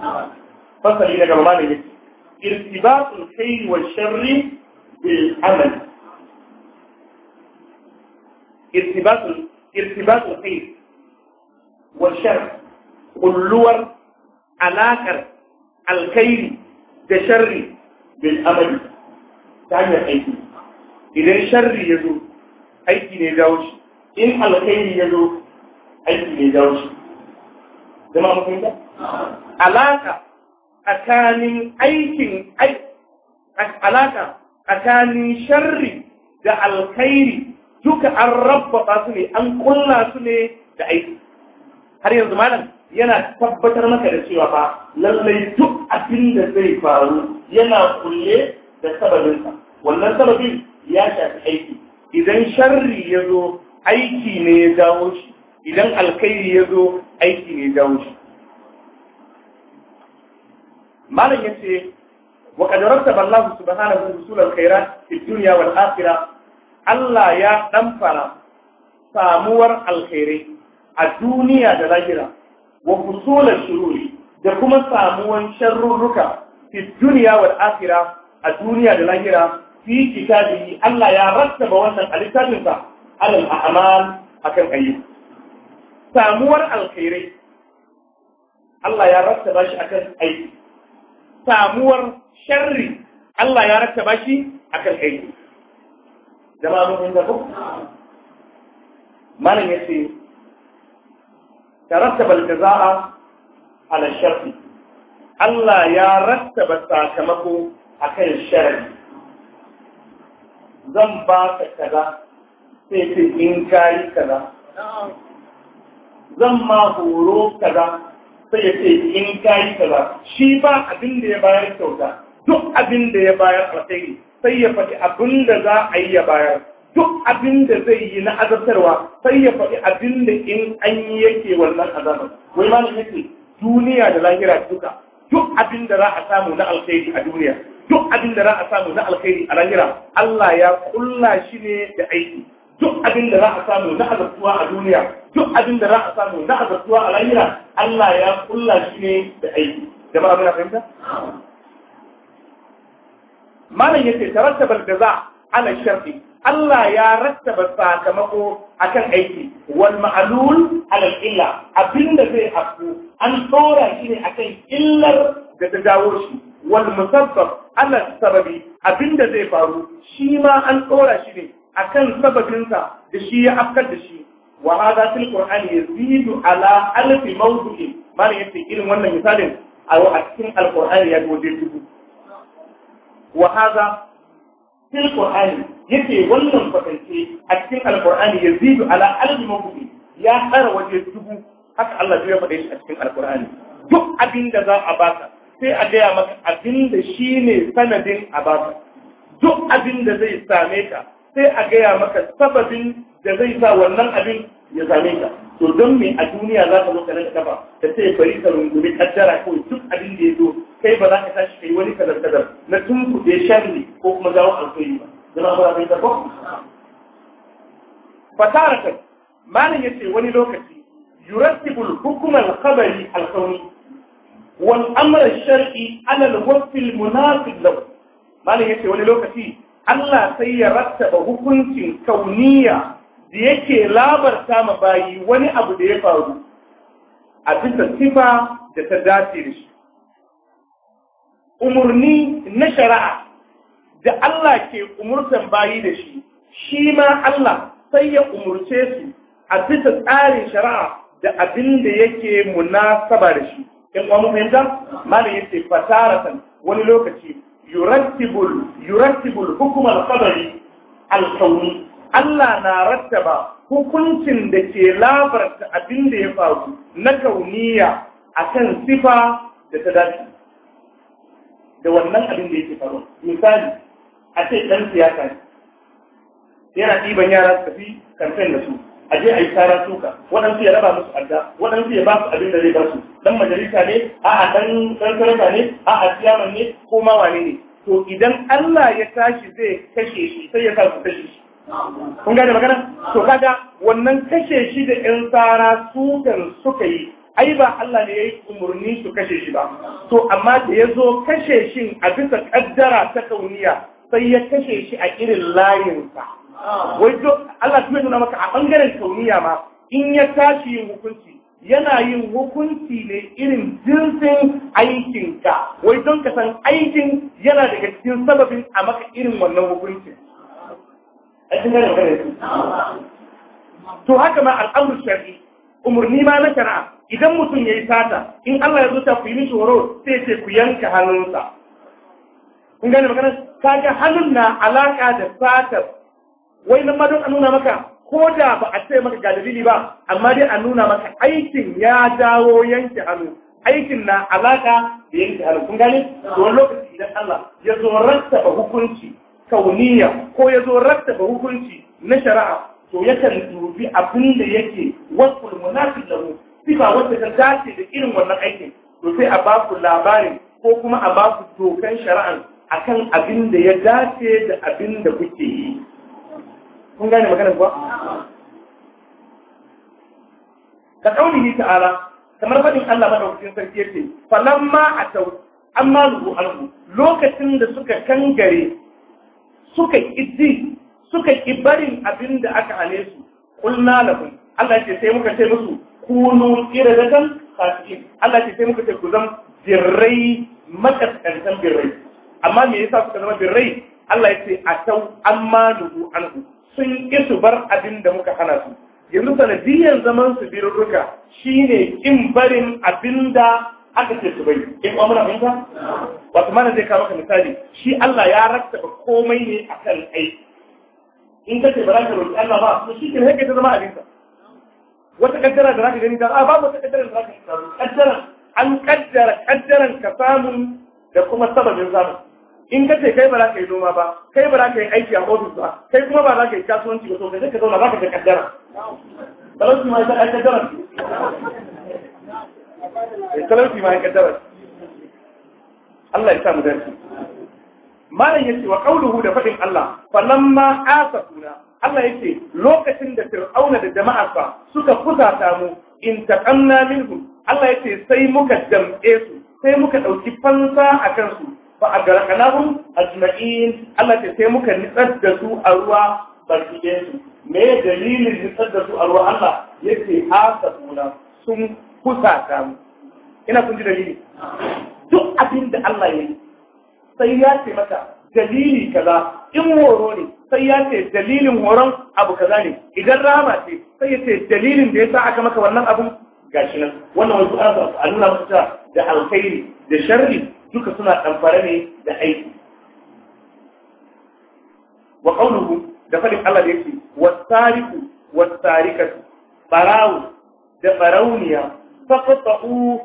fasali daga mamalin yake irtibatul khair wal sharri bil amal irtibatul irtibatul khair wal sharr kulluwar alakar alkhairi da sharri bil amal ta hanyar aiki idan sharri ya zo aiki ne jawo shi in alkhairi ya zo aiki ne jawo shi zama mutum da alaka tsakanin aikin alaka tsakanin sharri da alkhairi duka an rabbaba su ne an kulla su ne da aiki har yanzu malam yana tabbatar maka da cewa ba lallai duk abin da zai faru yana kulle da sababinsa wannan sababin ya shafi aiki idan sharri ya zo aiki ne ya jawo shi idan alkhairi ya zo aiki ne ya jawo shi malam ya ce wa qadarata ballahu subhanahu wa ta'ala khairat fi dunya wal akhirah Allah ya fara samuwar alkhairi a duniya da lahira wa husulan shururi da kuma samuwar sharrurruka fi dunya wal akhirah a duniya da lahira fi kitabihi Allah ya rattaba wannan a littafinsa alal a'mal akan ayyuka samuwar alkhairai Allah ya rattaba shi akan aiki samuwar sharri Allah ya rattaba shi akan aiki jama'a mun fahimta ko malam yace tarattaba al-jazaa ala sharri Allah ya rattaba sakamako akan sharri zan ba ka kaza sai ce in kayi kaza zan ma horo kaza sai ya ce in kayi kaza shi ba abin da ya bayar kyauta duk abin da ya bayar alkhairi sai ya faɗi abin da za a yi ya bayar duk abin da zai yi na azabtarwa sai ya faɗi abin da in an yi yake wannan azabar wai ma ne yake duniya da lahira duka duk abin da za a samu na alkhairi a duniya duk abin da za a samu na alkhairi a lahira Allah ya kulla shi ne da aiki duk abin da za a samu na azabtuwa a duniya duk abin da za a samu na azabtuwa a lahira Allah ya kulla shi ne da aiki jama'a muna fahimta malam yace tarattabal jaza ala sharti Allah ya rattaba sakamako akan aiki wal ma'lul ala illa abinda zai afku an tsora shi ne akan illar da ta dawo shi wal musabbab ala sababi abinda zai faru shi ma an tsora shi ne akan sababinsa da shi ya afkar da shi wa hada fil qur'ani yazidu ala alfi mawdu'in mana yace irin wannan misalin a cikin alqur'ani ya gode dubu wa hada fil qur'ani yace wannan kwatance a cikin alqur'ani yazidu ala alfi mawdu'in ya tsara waje dubu haka Allah ya faɗe shi a cikin alqur'ani duk abinda za a baka sai a gaya maka abin da shi ne sanadin a baka duk abin da zai same ka sai a gaya maka sababin da zai sa wannan abin ya same ka to don me a duniya za ka zo ka kafa ka ce bari ka rungumi kaddara ko duk abin da ya zo kai ba za ka tashi kai wani kadar kadar na tunkuɗe shanli ko kuma zawo alkhairi ba zama ba zai ta ko fataratan malam yace wani lokaci yurattibul hukumar khabari al والأمر الشرعي على الوقت المناسب له ما لن يتي ولي Allah sai ya rattaba hukuncin kauniya da yake labarta ma bayi wani abu da ya faru a bisa sifa da ta dace da shi. Umarni na shari'a da Allah ke umurtan bayi da shi, shi ma Allah sai ya umurce su a bisa tsarin shari'a da abin da yake munasaba da shi. in kwamu mana yi yace fasaratan wani lokaci yurattibul hukumar hukum al-qadari al Allah na rattaba hukuncin da ke labarta abin da ya faru na kauniya a kan sifa da ta dace da wannan abin da yake faru misali a ce ɗan siyasa ne yana ɗiban yara su tafi kamfen da su a je a yi tsara suka waɗansu ya raba musu adda waɗansu ya ba su abin da zai ba su dan majalisa ne a'a dan dan sarauta ne a'a siyaman ne ko ma wane ne to idan Allah ya tashi zai kashe shi sai ya sa su kashe shi kun gane magana to kaga wannan kashe shi da yan tsara su suka yi ai ba Allah ne ya yi umarni su kashe shi ba to amma da ya zo kashe shi a bisa kaddara ta kauniya sai ya kashe shi a irin layinsa ah. wai duk Allah kuma nuna maka a bangaren kauniya ma in ya tashi yin hukunci yana yin hukunci ne irin jinsin aikinka wai don ka san aikin yana daga cikin sababin a maka irin wannan hukuncin to haka ma al'amur shari'i umarni ma na shari'a idan mutum ya yi sata in Allah ya zo ta ku yi mishi horo sai ce ku yanka hannunsa kun gane magana kaga hannun na alaka da satar wai nan ma don a nuna maka ko da ba a ce maka ga dalili ba amma dai a nuna maka aikin ya dawo yanke hannu aikin na alaka da yanke hannu kun gane don lokaci idan Allah ya zo rattaba hukunci kauniya ko ya zo rattaba hukunci na shari'a to yakan dubi abin da yake wasu munafiq lahu sifa wacce ta dace da irin wannan aikin to sai a ba ku labarin ko kuma a ba ku dokan shari'a akan abin da ya dace da abin da kuke yi kun gane maganar kuwa ka kaunihi ta'ala kamar faɗin Allah madaukakin sarki yace falamma atau amma zuhu anhu lokacin da suka kangare suka kiddi suka kibarin abin da aka hane su kulna lahum Allah ce sai muka ce musu kunu iradatan fasikin Allah ce sai muka ce ku zama birrai makaskantan birrai amma me yasa suka zama birrai Allah ya ce a atau amma zuhu anhu sun ƙi su bar abin da muka hana su yanzu sanadiyyar zaman su birruka shine in barin abin da aka ce su bai in kuma muna fahimta wato mana zai kawo maka misali shi Allah ya rattaba komai ne akan aiki in ka ce ba za ka roƙi Allah ba to shi ke hake ta zama abinsa wata kaddara da za ka gani ta a babu wata kaddara da za ka gani kaddara an kaddara kaddaran ka samun da kuma sababin samun in ka ce kai ba za ka yi noma ba kai ba za ka yi aiki a ofis ba kai kuma ba za ka yi kasuwanci ba sosai? kai ka zauna ba ka da kaddara talauci ma ya kaddara eh, talauci ma ya kaddara Allah ya sa mu dace malam yace wa qauluhu da fadin Allah falamma asafuna Allah yake lokacin da Fir'auna da jama'arsa suka fusata mu in taqanna minhum Allah yake sai muka damƙe su sai muka ɗauki fansa a kansu fa agarqanahum ajma'in Allah ta sai muka nitsar da su a ruwa barki su me dalilin nitsar da su a ruwa Allah Ya yace hasabuna sun kusa ta mu ina kun ji dalili duk abin da Allah ya yi sai ya ce maka dalili kaza in horo ne sai ya ce dalilin horon abu kaza ne idan rama ce sai ya ce dalilin da ya sa aka maka wannan abun gashi nan wannan wasu a nuna masa da alkhairi da sharri duka suna ɗamfare ne da aiki wa ƙaunuhu da faɗin Allah da yake wasariku wasarikatu barawu da barauniya faqta'u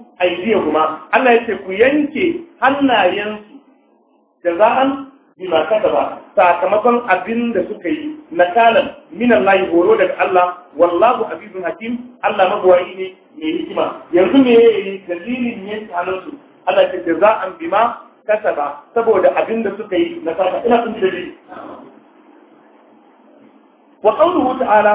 kuma. Allah yake ku yanke hannayensu Da jaza'an bima ba. sakamakon abin da suka yi na kalan minan layi horo daga Allah wallahu azizun hakim Allah magwayi ne mai hikima yanzu me yi dalilin yanke hannunsu Allah ce jaza'an bima ba saboda abin da suka yi na sata ina sun dalili wa qawluhu ta'ala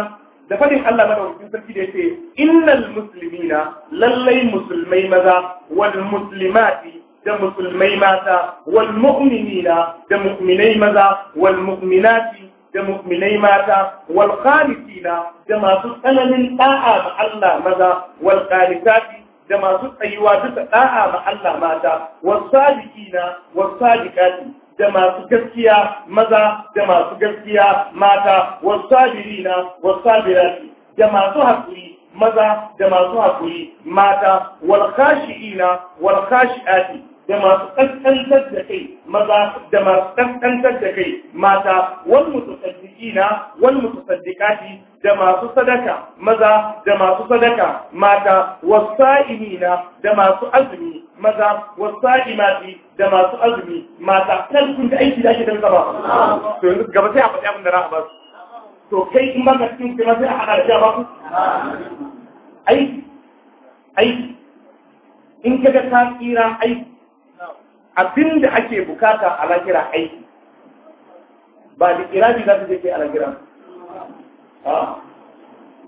da fadin Allah madaukakin sarki da ce. innal muslimina lallai musulmai maza wal muslimati da musulmai mata wal mu'minina da mu'minai maza wal mu'minati da mu'minai mata wal qanitina da masu tsananin da'a ga Allah maza wal qanitati da masu tsayuwa bisa ɗa'a ma Allah mata wasadikina wasadikati da masu gaskiya maza da masu gaskiya mata wasabirina wasabirati da masu haƙuri, maza da masu haƙuri, mata walkashiina khashiina da masu kankantar da kai maza da masu kankantar da kai mata wal mutasaddiqina wal mutasaddiqati da masu sadaka maza da masu sadaka mata na da masu azumi maza wasa'imati da masu azumi mata kan kun da aiki da ake dan gaba to yanzu gaba sai a faɗi abin da ra'a ba to kai in ba ka cikin kuma sai a haɗa da ba ku aiki aiki in kaga ka tsira aiki abin da ake bukata a lahira aiki ba da irabi za ta je ke a lahira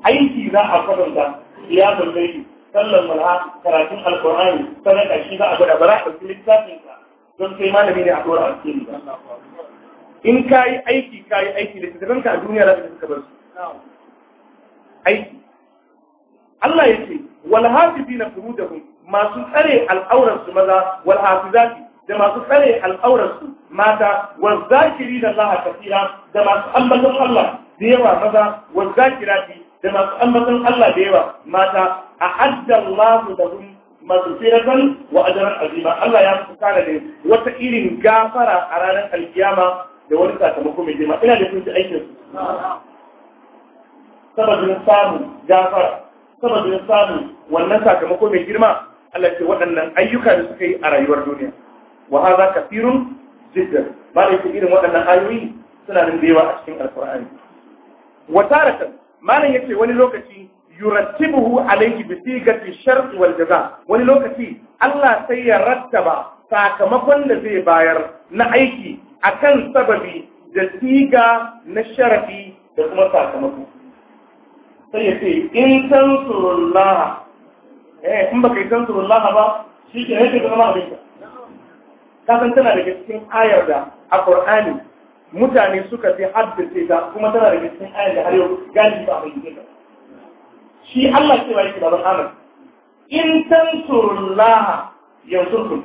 aiki za a kwatanta siyasan laifi sallar mulha karatun alkur'ani sadaka shi za a gwada ba za a ɗauki littafin ka don sai malami ne a ɗora a cikin ba in ka yi aiki ka yi aiki littattafan ka a duniya za ka suka bar su aiki Allah ya ce wal hafizi na furu furudahum masu tsare al'auran su maza wal su. da masu tsare al'aurarsu mata wa zakiri da Allah kasira da masu ambaton Allah da yawa maza wa zakirati da masu ambaton Allah da yawa mata a haddallahu lahum mazfiratan wa ajran azima Allah ya fuka da wata irin gafara a ranar alkiyama da wani sakamako mai jima ina da kunci aikin su sababin samun gafara sababin samun wannan sakamako mai girma Allah ce waɗannan ayyuka da suka yi a rayuwar duniya wa hadha kathirun jiddan malai ta irin waɗannan ayoyi suna nan da yawa a cikin alqur'ani wa malam malai yace wani lokaci yurattibuhu alayhi bi sigati shart wal jaza wani lokaci Allah sai ya rattaba sakamakon da zai bayar na aiki akan sababi da siga na sharafi da kuma sakamako sai ya ce in tansurullah eh in baka yi tansurullah ba shi ke yake zama abinka kasan tana daga cikin ayar da a Qur'ani mutane suka fi haddace ta kuma tana daga cikin ayar da har yau gani ba mai yi shi Allah cewa yake da Muhammad in tansurullaha yansurkum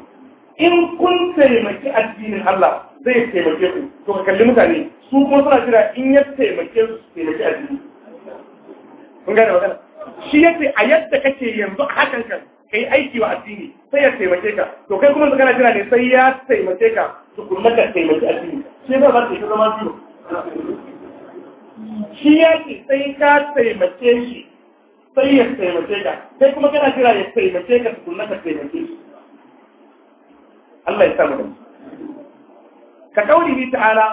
in kun taimaki addinin Allah zai taimake ku to ka kalli mutane su kuma suna jira in ya taimake su taimaki addini kun gane magana shi yace a yadda kake yanzu hakan kan kai aiki wa addini sai ya taimake ka to kai kuma kana jira ne sai ya taimake ka kuma ka taimake addini shi ba ba ta zama biyu shi ya ce sai ka taimake shi sai ya taimake ka kai kuma kana jira ya taimake ka kuma ka taimake shi Allah ya samu da ka bi ta'ala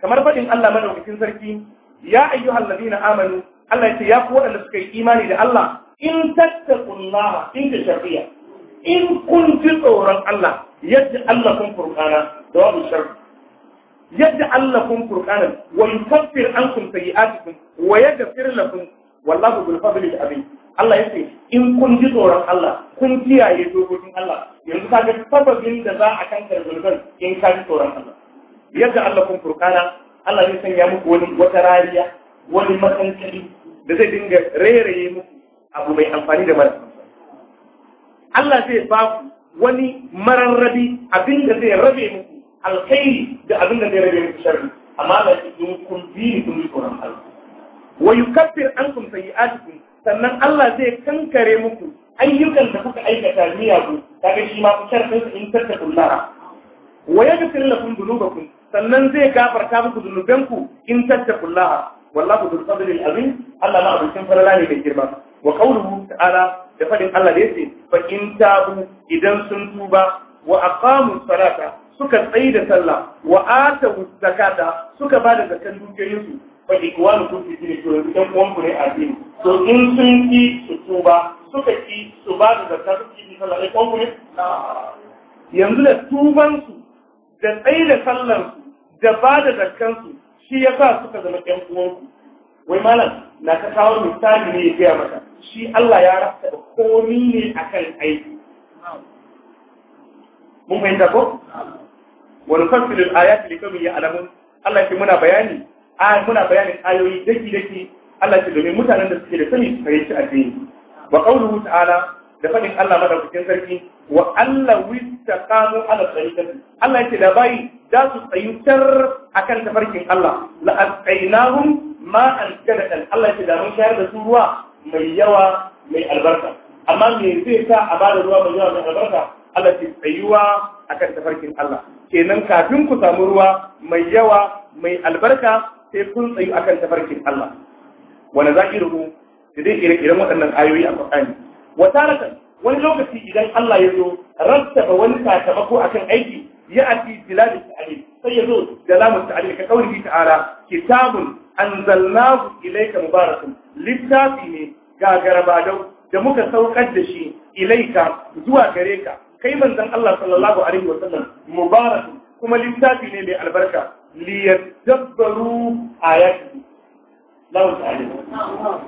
kamar faɗin Allah madaukakin sarki ya ayyuhal ladina amanu Allah ya ce ya ku waɗanda suka yi imani da Allah in tattakun laha in da shafiya in kun ji tsoron Allah yadda Allah kun furkana da wani sharfi. yadda Allah kun furkana wa yukaffir ankum sayi'atikum wa yaghfir lakum wallahu bil fadli azim Allah ya ce in kun ji tsoron Allah kun kiyaye dokokin Allah yanzu kaga sababin da za a kankare zulubin in ka ji tsoron Allah yadda Allah kun furkana Allah zai sanya muku wani wata rariya wani matsankali da zai dinga rairaye muku abu mai amfani da mara Allah zai ba ku wani mararrabi abin da zai rabe muku alkhairi da abin da zai rabe muku sharri amma la in kun bi kun yi tsoron Allah wa yukaffir ankum sayi'atikum sannan Allah zai kankare muku ayyukan da kuka aikata miyagu kaga shi ma fitar din in tattakullaha wa yaghfir lakum dhunubakum sannan zai gafarta muku dhunubanku in tattakullaha wallahu dhul fadli al azim Allah ma abucin falala ne mai girma wa qawluhu ta'ala da fadin Allah da yake fa in tabu idan sun tuba wa aqamu salata suka tsaida sallah wa atu zakata suka bada zakan dukiyoyinsu fa ikwanukum fi dini to idan kun kure ku ne a to in sun ki su tuba suka ki su ba da zakka suka ki sallah ai uwan yanzu da tubansu da tsaida da ba da zakkansu shi ya suka zama ƴan uwanku wai malam na ka kawo misali ne ya gaya maka shi Allah ya rasa da komi ne akan aiki mun fahimta ko wani fasilu ayati li kawai yi alamun Allah ce muna bayani a muna bayanin ayoyi daki daki Allah ce domin mutanen da suke da sani su fahimci addini wa qawluhu ta'ala da fadin Allah madaukakin sarki wa Allah wistaqamu ala tariqati Allah ce da bai za su a kan tafarkin Allah la asqainahum ma an kadal Allah ce da mun shayar da su ruwa mai yawa mai albarka amma me zai sa a bada ruwa mai yawa mai albarka Allah ke tsayuwa akan tafarkin Allah kenan kafin ku samu ruwa mai yawa mai albarka sai kun tsayu akan tafarkin Allah wani zakiru da dai ire-iren waɗannan ayoyi a Qur'ani wata wani lokaci idan Allah ya zo rattaba wani sakamako akan aiki ya ati biladin ta'alim sai ya zo da lamun ta'alim ka kauli ta'ala kitabun ilai ka mubarakun littafi ne ga garabadau da muka saukar da shi ilaika zuwa gare ka kai manzon Allah sallallahu alaihi wa sallam mubarakun kuma littafi ne mai albarka li yadabbaru ayati lahu ta'ala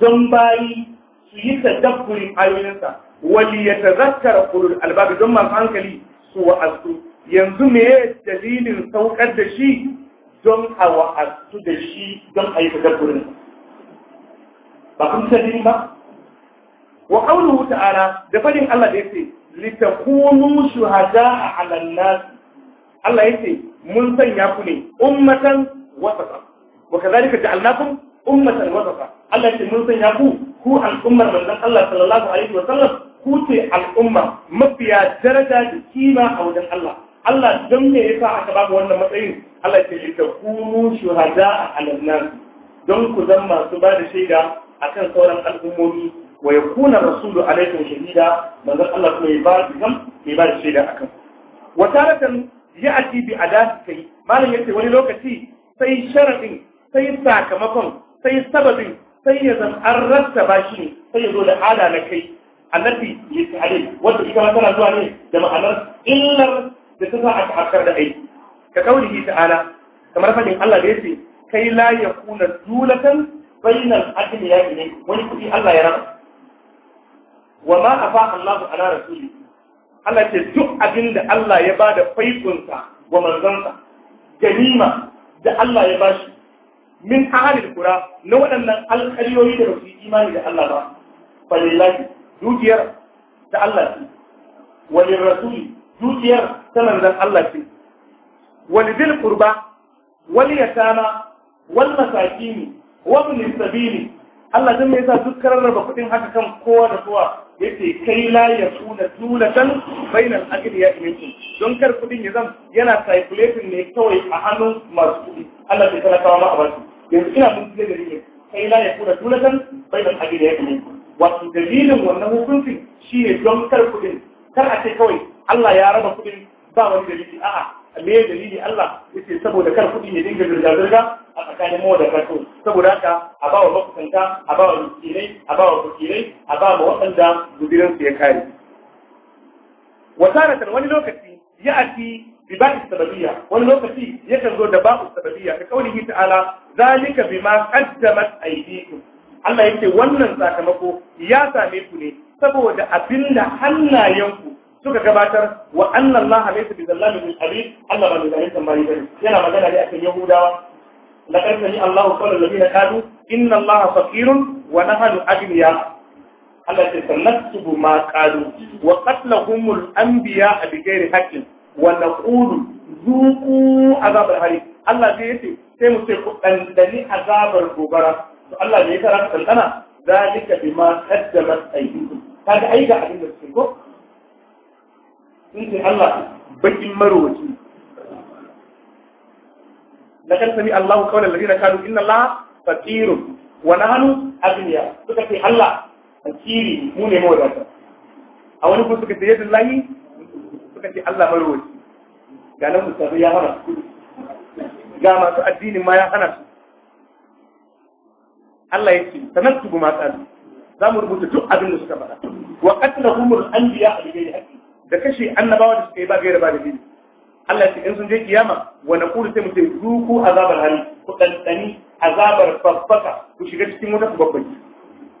don bayi su yi tadabburin ayoyinsa wali yatazakkara ulul albab don masu hankali su wa'azu yanzu me dalilin saukar da shi don a wa'azu da shi don a yi tadabburin ba kun sani ba wa qawluhu ta'ala da fadin Allah da yake litakunu shuhada'a 'ala an-nas Allah yake mun sanya ku ne ummatan wasata wa kadhalika ja'alnakum ummatan wasata Allah yake mun sanya ku ku al'ummar manzon Allah sallallahu alaihi wa sallam ku ce al'umma mafiya daraja da kima a wajen Allah Allah don me yasa aka ba wannan matsayin Allah ce lita kunu shuhada ala nas don ku zan masu ba da shaida kan sauran al'ummomi wa yakuna rasulu alaikum shahida manzon Allah kuma ya ba da ya ba da shaida akan wa taratan a bi adati kai malam yace wani lokaci sai sharaɗin sai sakamakon sai sababin sai ya zan an rattaba shi ne sai ya zo da ala na kai annabi ya ce alai wanda ita ma tana zuwa ne da ma'anar illar da ta sa aka hakar da aiki ka kaulihi ta'ala kamar fahim Allah da ce kai la ya yakuna zulatan bainal adli ya ilai wani kuɗi Allah ya raba wa ma afa Allahu ala rasuli Allah ce duk abin da Allah ya bada faikunsa wa manzansa ganima da Allah ya bashi min ahalil kura na waɗannan alƙaliyoyi da basu imani da Allah ba falillahi dukiyar ta Allah ce Wani rasuli dukiyar ta manzan Allah ce walidil qurba wal yatama wal masakin wa ibn sabili Allah zai yasa duk rarraba kuɗin haka kan kowa da kowa yace kai la ya tuna tulatan bainal agriya minkum don kar kudin ya zam yana circulating ne kawai a hannun masu kudi Allah zai talakawa ma a basu yanzu ina ne ya tuna dalilin wannan hukuncin shi ne don kar kudin kar a ce kawai Allah ya raba kudin ba wani dalili a'a me ya dalili Allah yace saboda kar kuɗi ya dinga zirga zirga a tsakanin mu da kaso saboda haka a ba wa makusanta a ba wa miskinai a ba wa fakirai a ba wa waɗanda gudurin su ya kare wasaratan wani lokaci ya ati bi ba'i sababiyya wani lokaci yakan zo da ba'u sababiyya ka kaulihi ta'ala zalika bima qaddamat aydikum Allah yake wannan sakamako ya same ku ne saboda abinda hannayenku suka gabatar wa annan allaha Allah ba mai yana magana ne akan yahudawa laqad sami Allahu qala alladhina qalu inna allaha faqirun wa nahnu aghniya Allah ya sanaktubu ma qalu wa qatlahumul anbiya bi ghairi haqqin wa naqulu zuqu azab al-hari Allah sai yace sai mu ce azabar gobara to Allah ne ya karanta dandana zalika bima qaddamat aydikum kaga aika abin da suke ko sun ce Allah bakin marowaci da kan sami Allah kawai lalari na kanu inna Allah fakirun wa nahnu agniya suka ce Allah fakiri mu ne mawadata a wani kuma suka ce yadda lahi suka ce Allah marowaci ga nan musafi ya hana ga masu addini ma ya hana Allah ya ce sanar su ma tsari za mu rubuta duk abin da suka faɗa wa qatluhum al-anbiya bi ghairi haqq da kashe annabawa da suka yi ba gaira ba da dini Allah ya ce in sun je kiyama wa naqulu sai mu ce zuku azabar hali ku dandani azabar babbaka ku shiga cikin wata ku babbaki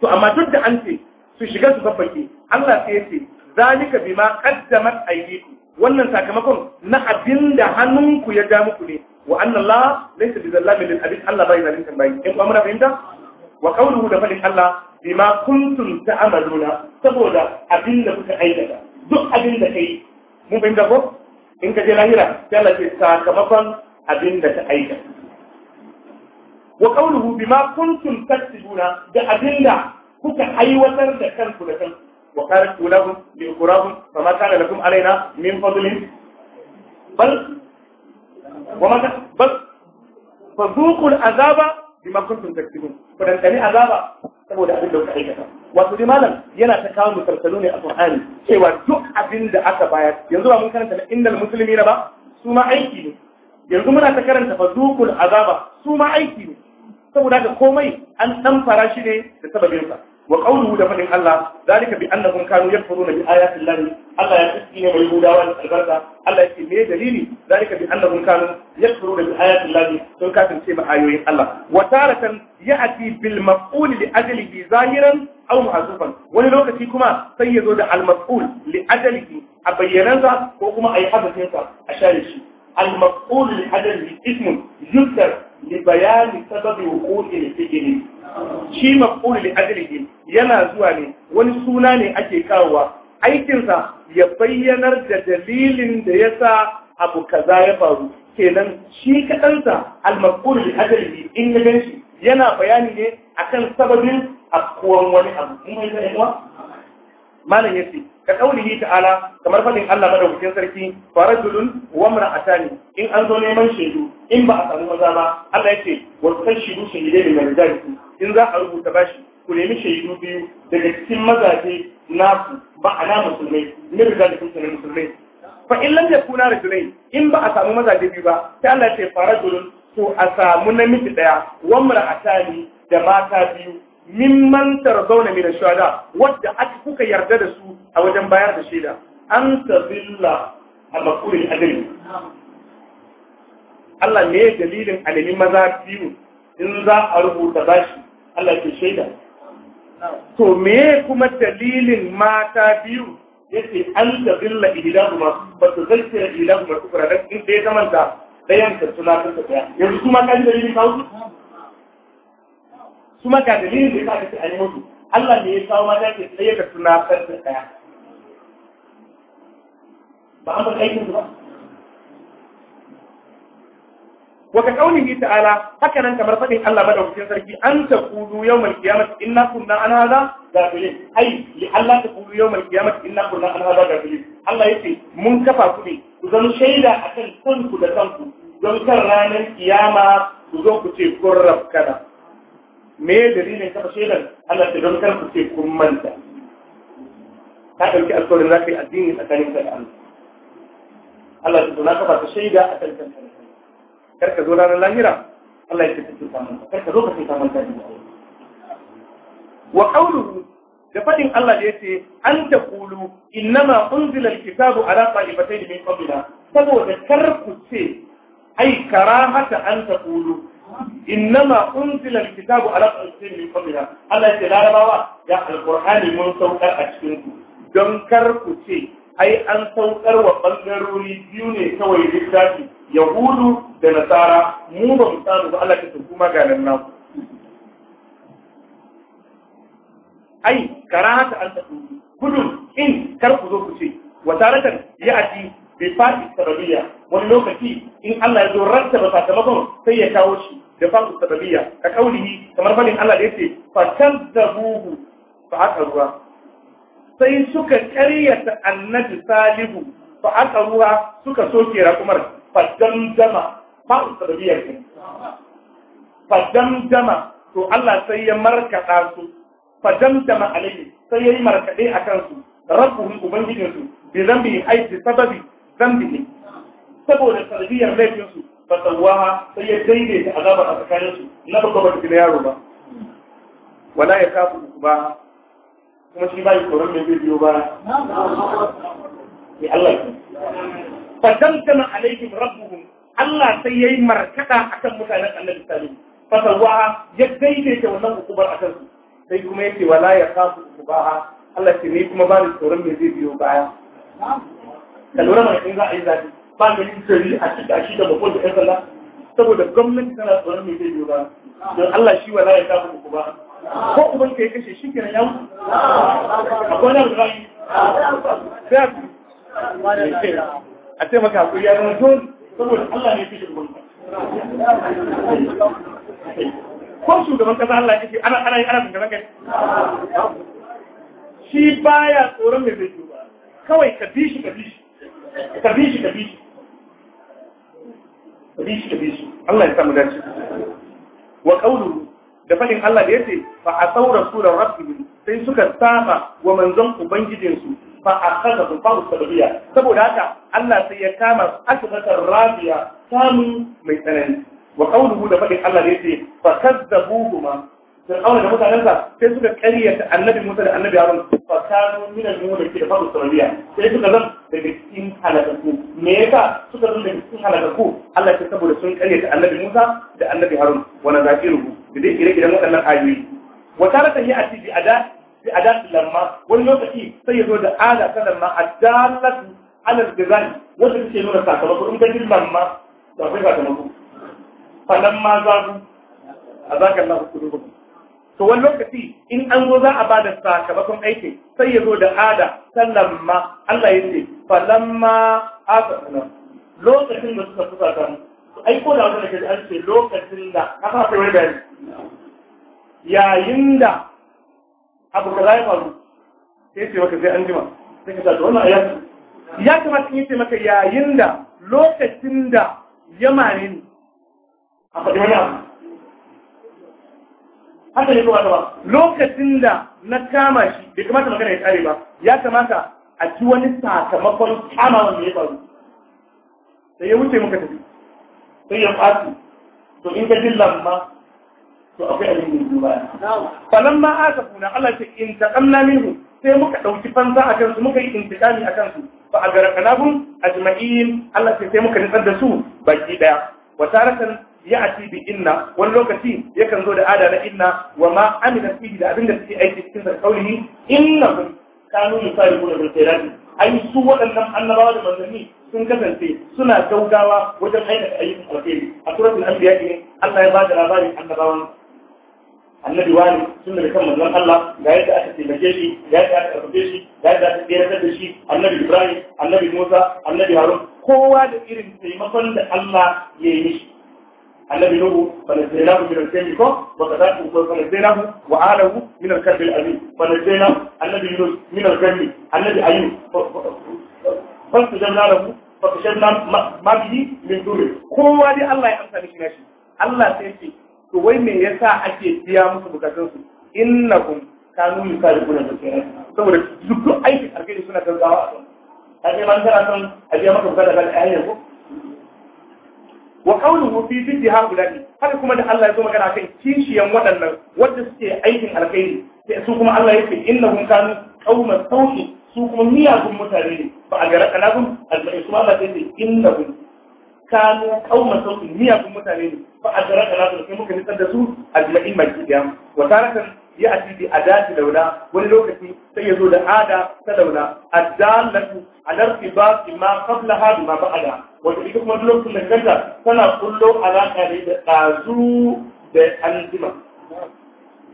to amma duk da an ce su shiga su babbaki Allah sai ya ce zalika bima qaddamat aydikum wannan sakamakon na abinda hannunku ya ja muku ne wa annallah laysa bi lil abid Allah bai zalunta bai in kuma muna fahimta wa qawluhu da fadin Allah bima kuntum ta'maluna saboda abinda kuka aikata duk abin da yi. mun fahimta ko in ka je lahira sai Allah ce sakamakon abin da ka aika wa qawluhu bima kuntum taktibuna da abin da kuka aiwatar da kanku da kanku wa qaratu lahum bi qurabum fama kana lakum alaina min fadlin bal wa ma bal fadhuqul azaba bima kuntum taktibun ku dan kani azaba saboda abin da kuka aikata wato dai malam yana ta kawo musalsalu ne a Qur'ani cewa duk abin da aka bayar yanzu ba mun karanta na innal muslimina ba su ma aiki ne yanzu muna ta karanta dukul azaba su ma aiki ne saboda haka komai an dan fara shi ne da sababin sababinsa wa qawluhu da fadin Allah zalika bi annahum kanu yakfuruna bi ayati Allah Allah ya tsine mai hudawa da albarka Allah yake me dalili zalika bi annahum kanu yakfuruna bi ayati Allah sun kafirce ma ayoyin Allah wa taratan ya'ti bil maf'ul li ajlihi zahiran aw mahzufan wani lokaci kuma sai ya zo da al maf'ul li a bayyanansa ko kuma a yi hadafinsa a share shi al maf'ul li ajlihi ismun yusar لبيان سبب وقوع الفعل shi maf'ul li yana zuwa ne wani suna ne ake kawowa aikinsa ya bayyanar da dalilin da yasa abu kaza ya faru kenan shi kaɗansa al-maf'ul li in ya ganshi yana bayani ne akan sababin afkuwan wani abu malam yace ka kaulihi ta'ala kamar fadin Allah madaukakin sarki fa rajulun wa mar'atani in an zo neman shedu in ba a samu maza ba Allah yace wa tashidu ne min rijalikum in za a rubuta bashi ku nemi shaidu biyu daga cikin mazaje ba naku na musulmai min rijalikum sanin musulmai fa in lam yakuna rajulain in ba a samu mazaje biyu ba sai Allah yace fa rajulun to a samu namiji daya wa mar'atani da mata biyu mimman tarzauna min shuhada wadda aka kuka yarda da su a wajen bayar da shaida an tazilla a makulin adali Allah ne dalilin alimin maza biyu in za a rubuta bashi Allah ke shaida to me kuma dalilin mata biyu yace an tazilla ihdahuma ba ta zakkira ihdahuma kufra dan in dai zamanta dayan ka tunatar da yanzu kuma kan dalilin kawo su maka dalilin da ka sa an yi mutu Allah ne ya kawo mata ke tsaye ka tunatar da ɗaya ba amma kai ne ba wa ka waka kaunin ta'ala haka nan kamar fadin Allah madaukakin sarki an ta kudu yawmal qiyamah inna kunna an hada gafilin ai li Allah ta kudu yawmal qiyamah inna kunna an hada gafilin Allah yace mun kafa ku ne ku zama shaida akan kanku da kanku don kan ranar kiyama ku zo ku ce kun rabkana me dalilin kafa shedan Allah ta don kar ku ce kun manta ka ɗauki alƙawarin za ka yi addini tsakanin ka da Allah Allah ta zo kafa ta shaida a kan kanka kar ka zo ranar lahira Allah ya ce ka tuta manta kar ka zo ka tuta manta da wa qawluhu da fadin Allah da yace an ta qulu innama unzila alkitabu ala qa'ibatayn min qablina saboda kar ku ce ai karahata an ta qulu innama unzila alkitabu ala qalbin min qabliha Allah ya ce larabawa ya alqur'ani mun saukar a cikin ku don kar ku ce ai an saukar wa bangarori biyu ne kawai littafi yahudu da nasara mu ba mu tsaro ba Allah ya ce kuma ga nan ai karahata an tafi gudun in kar ku zo ku ce wa taratan ya'ti bi fa'il sababiyya wani lokaci in Allah ya zo rantsa ba sakamakon sai ya kawo shi da fa'u sababiyya ka kaulihi kamar fadin Allah da yake fa kazzabuhu fa aka ruwa sai suka karyata annabi salihu fa aka ruwa suka soke rakumar fa dama. fa'u sababiyya ne fa dama. to Allah sai ya markada su fa dama alaihi sai yayi markade akan su rabbuhum ubangijinsu bi zambi ai sababi zambi saboda tarbiyyar laifinsu fasawaha sai ya daidaita azabar a tsakaninsu. su na babba ba na yaro ba wala ya kafu ba kuma shi ba bai tsoron mai zai biyo ba mai Allah ki fa damdama alaihim rabbuhum Allah sai yayi markada akan mutanen annabi sallallahu fasawaha ya daidaita wannan hukumar a kansu. sai kuma yake wala ya kafu ba Allah ce ni kuma ba ni tsoron mai zai biyo baya ka lura mana in za a yi zafi ba ka yi tsari a cika shi da bakon da ƴan sanda saboda gwamnati tana tsoron mai zai biyo ba don Allah shi wala ya kafa ku ba ko uban ka ya kashe shi kenan ya mutu akwai nan da yi a ce maka hakuri a zama dole saboda Allah ne ya kashe uban ko shugaban kasa Allah ya ce ana ana ana zanga zanga shi baya tsoron mai zai biyo ba kawai ka bi shi ka bi shi ka bi shi ka bi shi bi shi Allah ya samu dace wa qawlu da fadin Allah da yace fa asaw rasulan rabbihim sai suka saba wa manzon ubangijin su fa akhadha bi faru saboda haka Allah sai ya kama su akbatar rabiya samu mai tsanani wa qawluhu da fadin Allah da yace fa kazzabuhuma fir'auna da mutanensa sai suka ta annabi Musa da annabi Harun fa kanu min al-mu'minin da fadu sabiya sai suka zan daga cikin halakaku me yasa suka zan daga cikin halakaku Allah ya saboda sun ta annabi Musa da annabi Harun wa nazakiruhu da dai ire-iren waɗannan ayoyi wa tarata hi ati bi ada bi ada lamma wani lokaci sai ya zo da ala ta lamma adallatu ala al-jazani wanda take nuna sakamako in ka ji lamma to akwai sakamako falamma zabu azakallahu qulubuhum to wani lokaci in an zo za a bada sakamakon aiki sai ya zo da ada ma, Allah ya ce aka suna lokacin da suka fusa ta ai ko da wannan da an ce lokacin da aka fara wani bayani yayin da abu a yi faru sai ce maka sai an jima sai ka sa to wannan ayatu ya kamata in ce maka yayin da lokacin da yamani a faɗi wani abu haka ne kowa ba lokacin da na kama shi bai kamata magana ya kare ba ya kamata a ji wani sakamakon kama wanda ya faru sai ya wuce muka tafi sai ya fasu to in ka jin lamma to akwai abin da duba falan ma aka funa Allah ce in taqamna minhu sai muka dauki fansa a kansu, muka yi intiqami a su fa agarakanakum ajma'in Allah sai muka nitsar da su baki daya wa tarakan ya ati bi inna wani lokaci yakan zo da ada na inna wa ma amina fihi da da suke aiki cikin da kaulihi innahum kanu yusariquna bil khairati ai su waɗannan annabawa da manzanni sun kasance suna gaugawa wajen aikata ayyukan alheri a suratul anbiya ne Allah ya ba da labarin annabawan annabi wani sun daga kan manzon Allah ga yadda aka taimake shi ga yadda aka karfafe shi ga yadda aka tseratar da shi annabi Ibrahim annabi Musa annabi Harun kowa da irin taimakon da Allah ya yi mishi annabi nuhu fanajjaynahu min al-kayl ko wa kadhalika fanajjaynahu wa ahlahu min al-karb al-azim fanajjaynahu annabi yunus min al-karb annabi ayyub fastajabna lahu fakashafna ma bihi min dure kowa dai Allah ya amsa mishi nashi Allah sai ce to wai me yasa ake biya musu bukatun su innakum kanu yukalibuna da kenan suna gaggawa a man son a biya maka bukatar da ayyuka wa qawluhu fi ziddi haula'i haka kuma da Allah ya zo magana kan kishiyan waɗannan wanda suke aikin alkhairi sai su kuma Allah ya ce innahum kanu qauman sauki su kuma miyagun mutane ne ba a gara kanakun almai su Allah sai ce innahum kanu qauman sauki miyagun mutane ne ba a gara kanakun sai muka nisar da su mai majiya wa tarakan ya ati bi adati laula wani lokaci sai ya zo da ada ta laula adallatu ala irtibati ma qablaha bima ba'da wata ita kuma lokacin da kanta tana kullo alaƙa ne da ɗazu da anjima.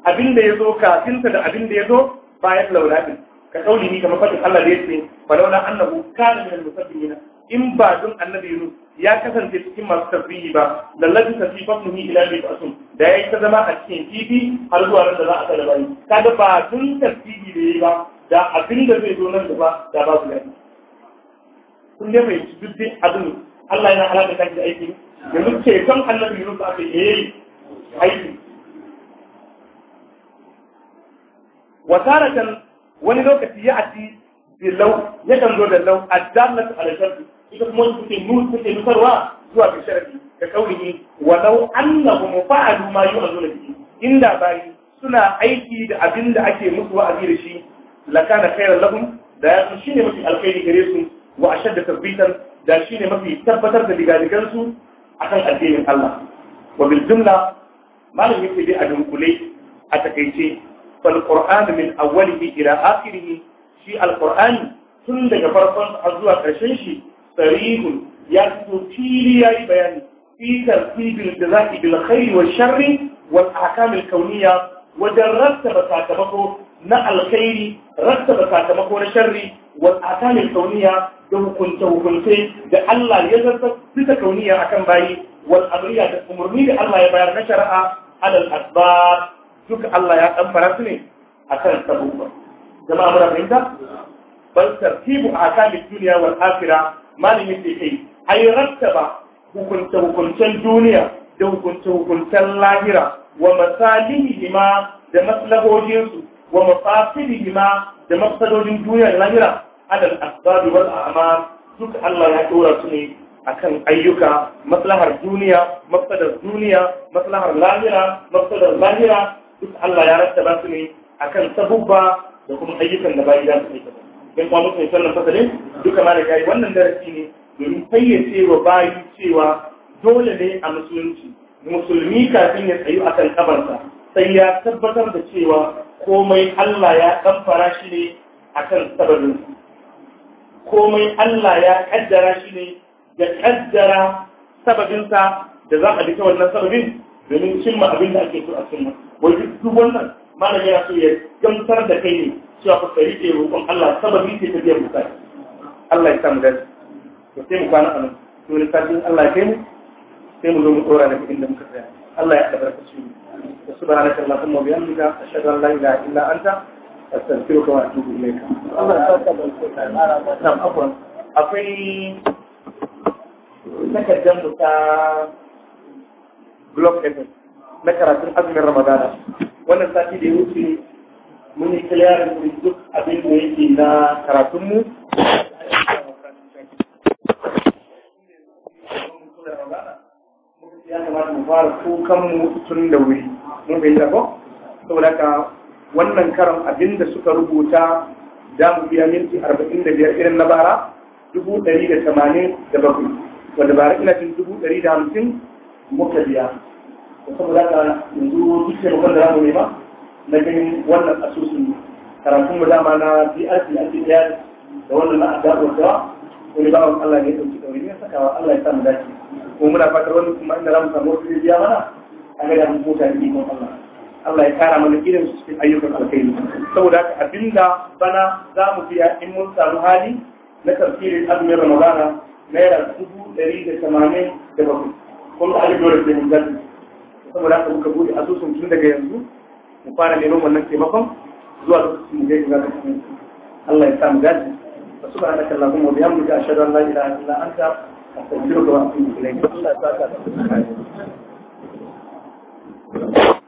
abin da ya zo kafinta da abin da ya zo bayan laulaɗin ka ɗauli ni kamar fadin Allah da ya ce falaula annabu kana da al-musabbihina in ba don annabi Yunus ya kasance cikin masu tasbihi ba lallabi tasbihi yi ila bi asum da yayi ta zama a cikin kifi har zuwa da za a tsara bayi kaga ba don tasbihi da yi ba da abin da zai zo nan gaba da babu lafiya kun dai mai duk dai abin Allah yana halaka ta da aiki yanzu ce kan annabi Yunus aka yi eh, aiki wasaratan wani lokaci ya ati billau yakan zo da lau addallatu ala sharri ita kuma wani suke nuna suke nusarwa zuwa ga sharri da kaulihi walau annahum fa'alu ma yu'azuna bihi inda bayi suna aiki da abin da ake musu wa'azi da shi lakana khairan lahum da ya shi ne mafi alkhairi gare su wa ashadda tabbitan da shine mafi tabbatar da digadigan su akan addinin Allah wa bil jumla malam yake a dunkule a takaice fal qur'an min awwalihi ila akhirih shi al qur'an tun daga farkon har zuwa karshen shi sarihun ya fito fili yayi bayani fi tartibil da bil khairi wa sharri wal ahkam al kauniyya wajen rattaba sakamako na alkhairi rattaba sakamako na sharri wal akali kauniya da hukunce hukunce da Allah ya zartar bisa kauniya kan bayi wal amriya da umarni da Allah ya bayar na shari'a alal asbab duka Allah ya kamfara su ne kan sabubba jama'a muna fahimta ban tartibu a akali duniya wal akhirah malin yake kai ay rattaba hukunce hukuncen duniya da hukunce hukuncen lahira wa masalihima da maslahohinsu wa mafasilihima da mafsadodin duniya da lahira alal asbab wal a'mal duk Allah ya dora su ne akan ayyuka maslahar duniya maslahar duniya maslahar lahira maslahar lahira duk Allah ya rattaba su ne akan sabubba da kuma ayyukan da bayi za su aikata in kwa mutum sallan fasalin duka ma da kai wannan darasi ne domin fayyace wa bayi cewa dole ne a musulunci musulmi kafin ya tsayu akan kabarsa sai ya tabbatar da cewa komai Allah ya ɗan fara shi ne akan sababin komai Allah ya kaddara shi ne ya kaddara sababinsa da za a ta wannan sababin domin cimma abin da ake so a cimma wai duk wannan malam yana so ya gamsar da kai ne cewa ku sai ke roƙon Allah sababin ce ta biyan bukata Allah ya samu dace to sai mu kwana a nan to ne sabbin Allah ya kai sai mu zo mu tsora daga inda muka tsaya Allah ya albarkace mu subhanaka allahumma wa bihamdika ashhadu an la ilaha illa anta astaghfiruka wa Allah ya saka barka afwan akwai takardar mu ta blog FM na karatun azumin Ramadana wannan sati da ya wuce mun yi clearing din duk abin da yake na karatun mu ya kamata mu fara kukan mu tun da wuri mun bai saboda ka wannan karan abinda suka rubuta za mu biya minti arba'in da biyar irin na bara dubu ɗari da tamanin da wanda bara ina jin dubu da hamsin muka biya da za ka yanzu duk taimakon da za mu nema na ganin wannan asusun karatun mu dama na BRC ake ɗaya da wannan na addabar da wani bawan Allah ne ya ɗauki ɗauri ne sakawa Allah ya samu dace kuma muna fatar wani kuma inda za mu samu wasu biya mana a ga da mu mutane ikon Allah. Allah ya kara mana irin su cikin ayyukan alkhairi saboda haka abinda bana za mu biya in mun samu hali na tafsirin azumin ramadana naira dubu ɗari da tamanin da bakwai kun ɗari dole da mun zaɓi saboda haka muka buɗe asusun tun daga yanzu mu fara neman wannan taimakon zuwa lokacin da ya ga kasance Allah ya sa mu gaji subhanaka allahumma wa bihamdika ashhadu an la ilaha illa anta astaghfiruka wa atubu ilayk Allah ya saka da Thank you.